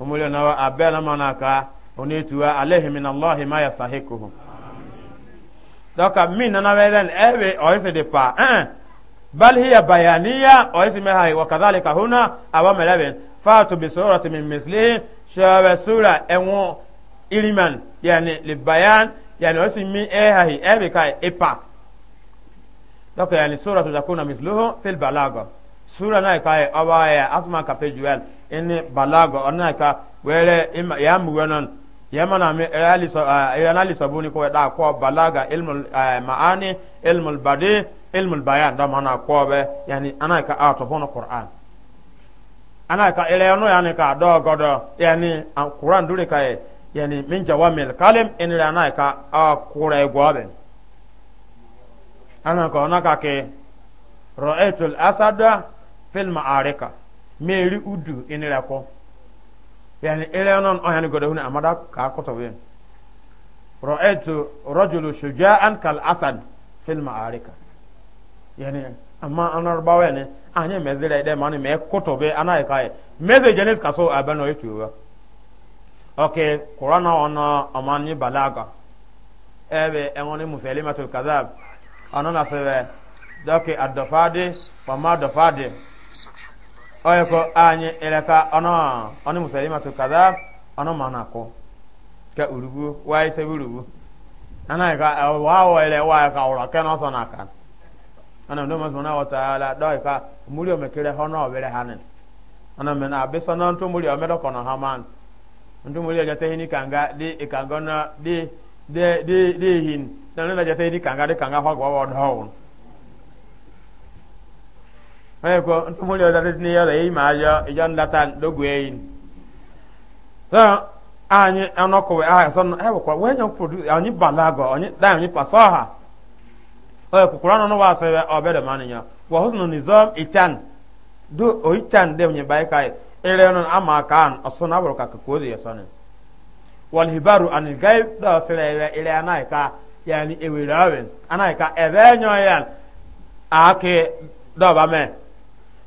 o na a bɛɛ na ka o alehi ma dɔka min nana wɛrɛn ɛbɛ ɔyisi de pa ɛn eh, bal hiya bayaniya ɔyisi mɛ hayi wa kazali ka huna awa mɛlɛ bɛ faatu bi sɔrɔ tɛmɛ misili sɛbɛ sura ɛŋo iliman yani li bayan yani ɔyisi mi ɛ hayi ɛbɛ ka e pa dɔka yani sura na dakuna misilihu fil balaga sura n'a ye ka ye ɔba ye asuma kafe juwɛl ɛni balaga ɔna ye ka wɛrɛ ya muwɛnɔn yamma na mi eh, ali sabuni eh, eh, ko daa ko balaga ilmul maani ilmul badi ilmul bayan da mana ko be yani ana ka ato hono qur'an ana ka ile no yani ka do godo yani qur'an dure kai e, yani min jawamil kalim in ana ka a kure gobe ana ka ona ka ke ra'aytul asada fil ma'arika meri udu in la yani ele non o yani godo huna amada ka ko to we ra'aytu rajulu shuja'an kal asad fil ma'arika yani amma anar we ne anya mezira ide mani me ko to be anai kai meze jenis kaso abano yitu wa okay qur'ana ona amani balaga ebe enwoni mufelimatul kadhab Anona febe doke adofade wa ma oye ko anyi ilaka ono oni musalima to kaza ono manako ka ise urugu ana ka ile ka ke na kan ana na wata ala do ka muri o mekere hono o bere hanen ana me na abiso na nto muri kanga na dị dị dị de hin na na kanga kanga ọdụ Onye nkwa ntumuli ọzọ adịghị n'ihe ọzọ eyi ma ajọ ijọ ndata dogu eyi. So anyị anọkọwe aha sọ na ebe kwa wee nye produ balago daa Onye kwukwara nọ ya. Wa hụzụ ichan. Du ama na ka kakụ ozi ya Wal hibaru anil gaib ka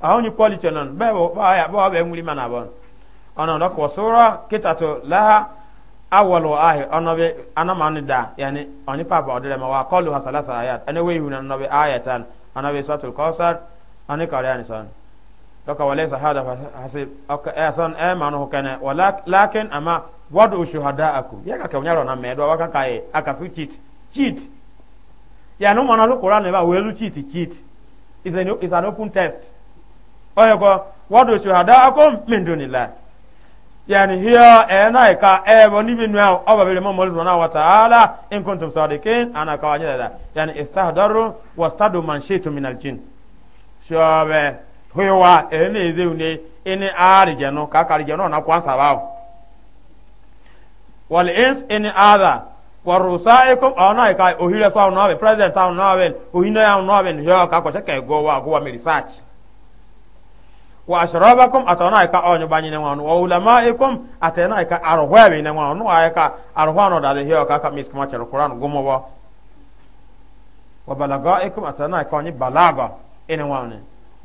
ahụ nyi pọlichọ nọ bẹẹ bụ ọkpa ya bụ ọbẹ nwuri mana abụọ ọnọ dọkọ kita kịtatụ laha awọlụ ahị ọnọbi anamanụ da yani ọnyi papa ọdịrị ma wa kọlụ ha salasa ayat ẹni wee ihu na ọnọbi ayatan ọnọbi sọtụ kọsar ọnị kọrị anyị sọn dọkọ wọle sahada hasib ọkọ ẹ e, sọn ẹ e, ma nụ kẹnẹ wọ lakin ama wọdụ shuhada aku ya ka kẹwọn yarọ na mẹ dọwa kaka e, yi akasu cheat cheat yani ụmụ ọnọdụ kụrụ anụ ebe a cheat cheat is an open test. oyeko wadu shuhada akum min dunillah yani hiya ena ka ebo ni binu o ba bele mo lona wa taala in kuntum sadiqin ana ka wanya da yani istahdaru wastadu man shaytu min aljin shobe huwa ene ezeune ene arije no ka karije no na kwansa ba wal ins ene ada warusaikum ona ka ohire so na be president na be ohino ya na be hiya ka ko cheke go wa go wa research wa ashrabakum atana ka onyo banyi ne ngwanu wa ulamaikum atana ka arwa be ne ngwanu ayaka arwa no da na ka ka miskuma chero ka onyo balaga ene ngwanu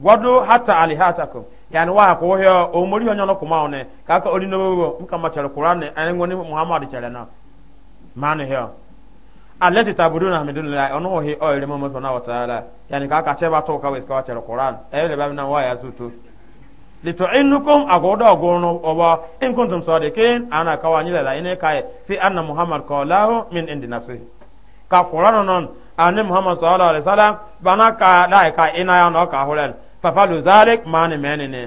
wadu hata alihatakum yani wa ko hiyo o mori onyo no kuma one ka ka odino bo nka ma chero chere na manu hiyo alati tabuduna min dunillahi ono ka ya لتعنكم أقودا أقولنا أبا إن كنتم صادقين أنا كواني لا إني كاي في أن محمد قاله من عند نفسه كقرآن نون أن محمد صلى الله عليه وسلم بنا كا لا كا إنا ينا كهولن ففعلوا ذلك ما نمنني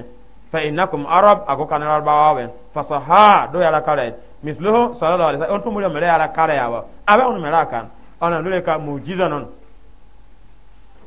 فإنكم عرب أكو كان العرب وين فصحا دو يلا كارين مثله صلى الله عليه وسلم أنتم مريم لا يلا كاريا أبا أنتم ملاكان أنا نقول لك موجزة نون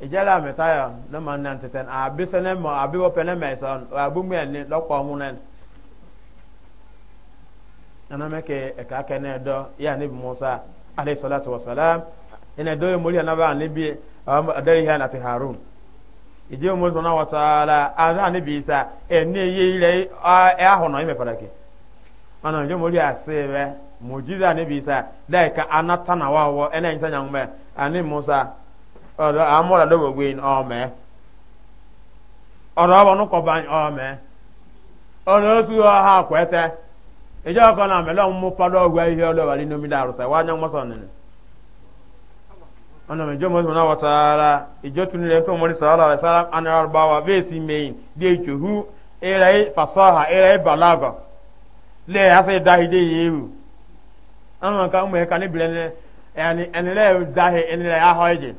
ijala metaya no man nan teten a bisene mo a biwo pene meson a bu mien ni lokko ngunen ana meke e ka kene do ya musa alayhi salatu wassalam do mo na ba ni bi adari na ti harun ije na wa taala ana bi sa e ni ye ile e aho no ime parake ana je mo e ka anata na wa ene ọdọ amọra dọbọ gwen ọmẹ ọdọ ọbọ nukọba ọmẹ ọdọ otu ọha kwẹtẹ ìjọ ọkọ na mẹlẹ ọmụmụ padà ọgwụ ihe ọdọ wàlí nomi dàrú sẹ wàá nyẹ mọsọ nínú. ọnà mẹjọ mọsọ náà wọtaara ìjọ tún nílẹ tó mọrí sọlá rẹ sára anara báwa bẹẹ sì mẹyìn dé fasọha balagọ ewu ọnà ọmọ ẹni ẹni ẹni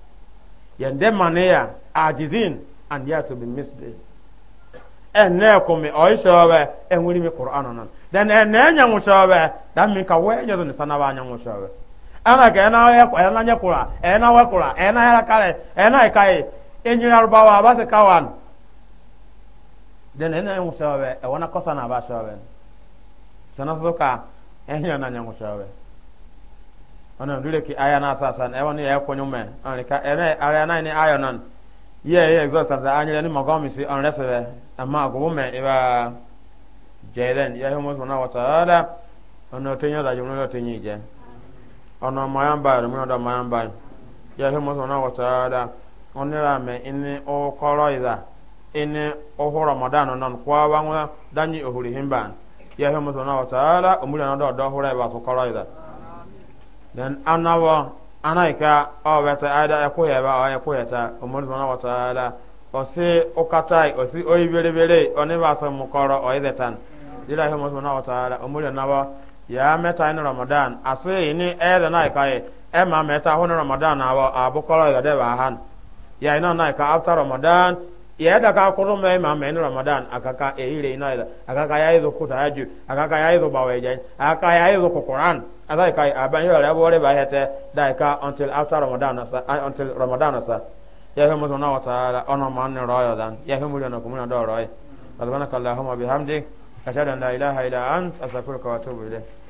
yende a ajizin and yato bi misli ene kumi oishobe enwiri mi qur'an nan den ene nya mushobe dan min ka we nyodo ni sanawa nya mushobe ana ka ena ya ko ena nya qura ena wa qura ena kare kai wa ba se den ene mushobe e na ba ana dure ki aya na sa san e woni e ko nyume an ka na ni aya non ye ye go san za anyele ni si an resebe amma go me iba ba ya humu subhana wa ta'ala ana tenya da jumu da tenyi je ana mayamba mu da mayamba ya humu subhana wa ta'ala onira me ini o koro iza ini o non kwa danyi ohuri himban ya wa ta'ala na do do so koro iza dan anawa anaika awata ada ekoya ba aya koyata umur subhanahu wa ta'ala osi okatai osi oyi bere bere oni ba so mukoro oizetan dira he subhanahu wa ta'ala umur nawa ya meta ni ramadan aso ni eda naika e e ma meta hono ramadan awo abukoro ga de ba han ya ina naika after ramadan ya da ka kuru mai ma mai ramadan akaka e ile ina akaka ya izo kuta aju akaka ya izo bawejan akaka ya izo kukuran azai kai aban yore abore ba hete dai ka until after ramadan sa until ramadan sa ya hemu zona wa taala ono man ne royo dan ya hemu le na kumuna do royo subhanakallahumma bihamdik ashhadu an la ilaha illa ant astaghfiruka wa atubu ilayk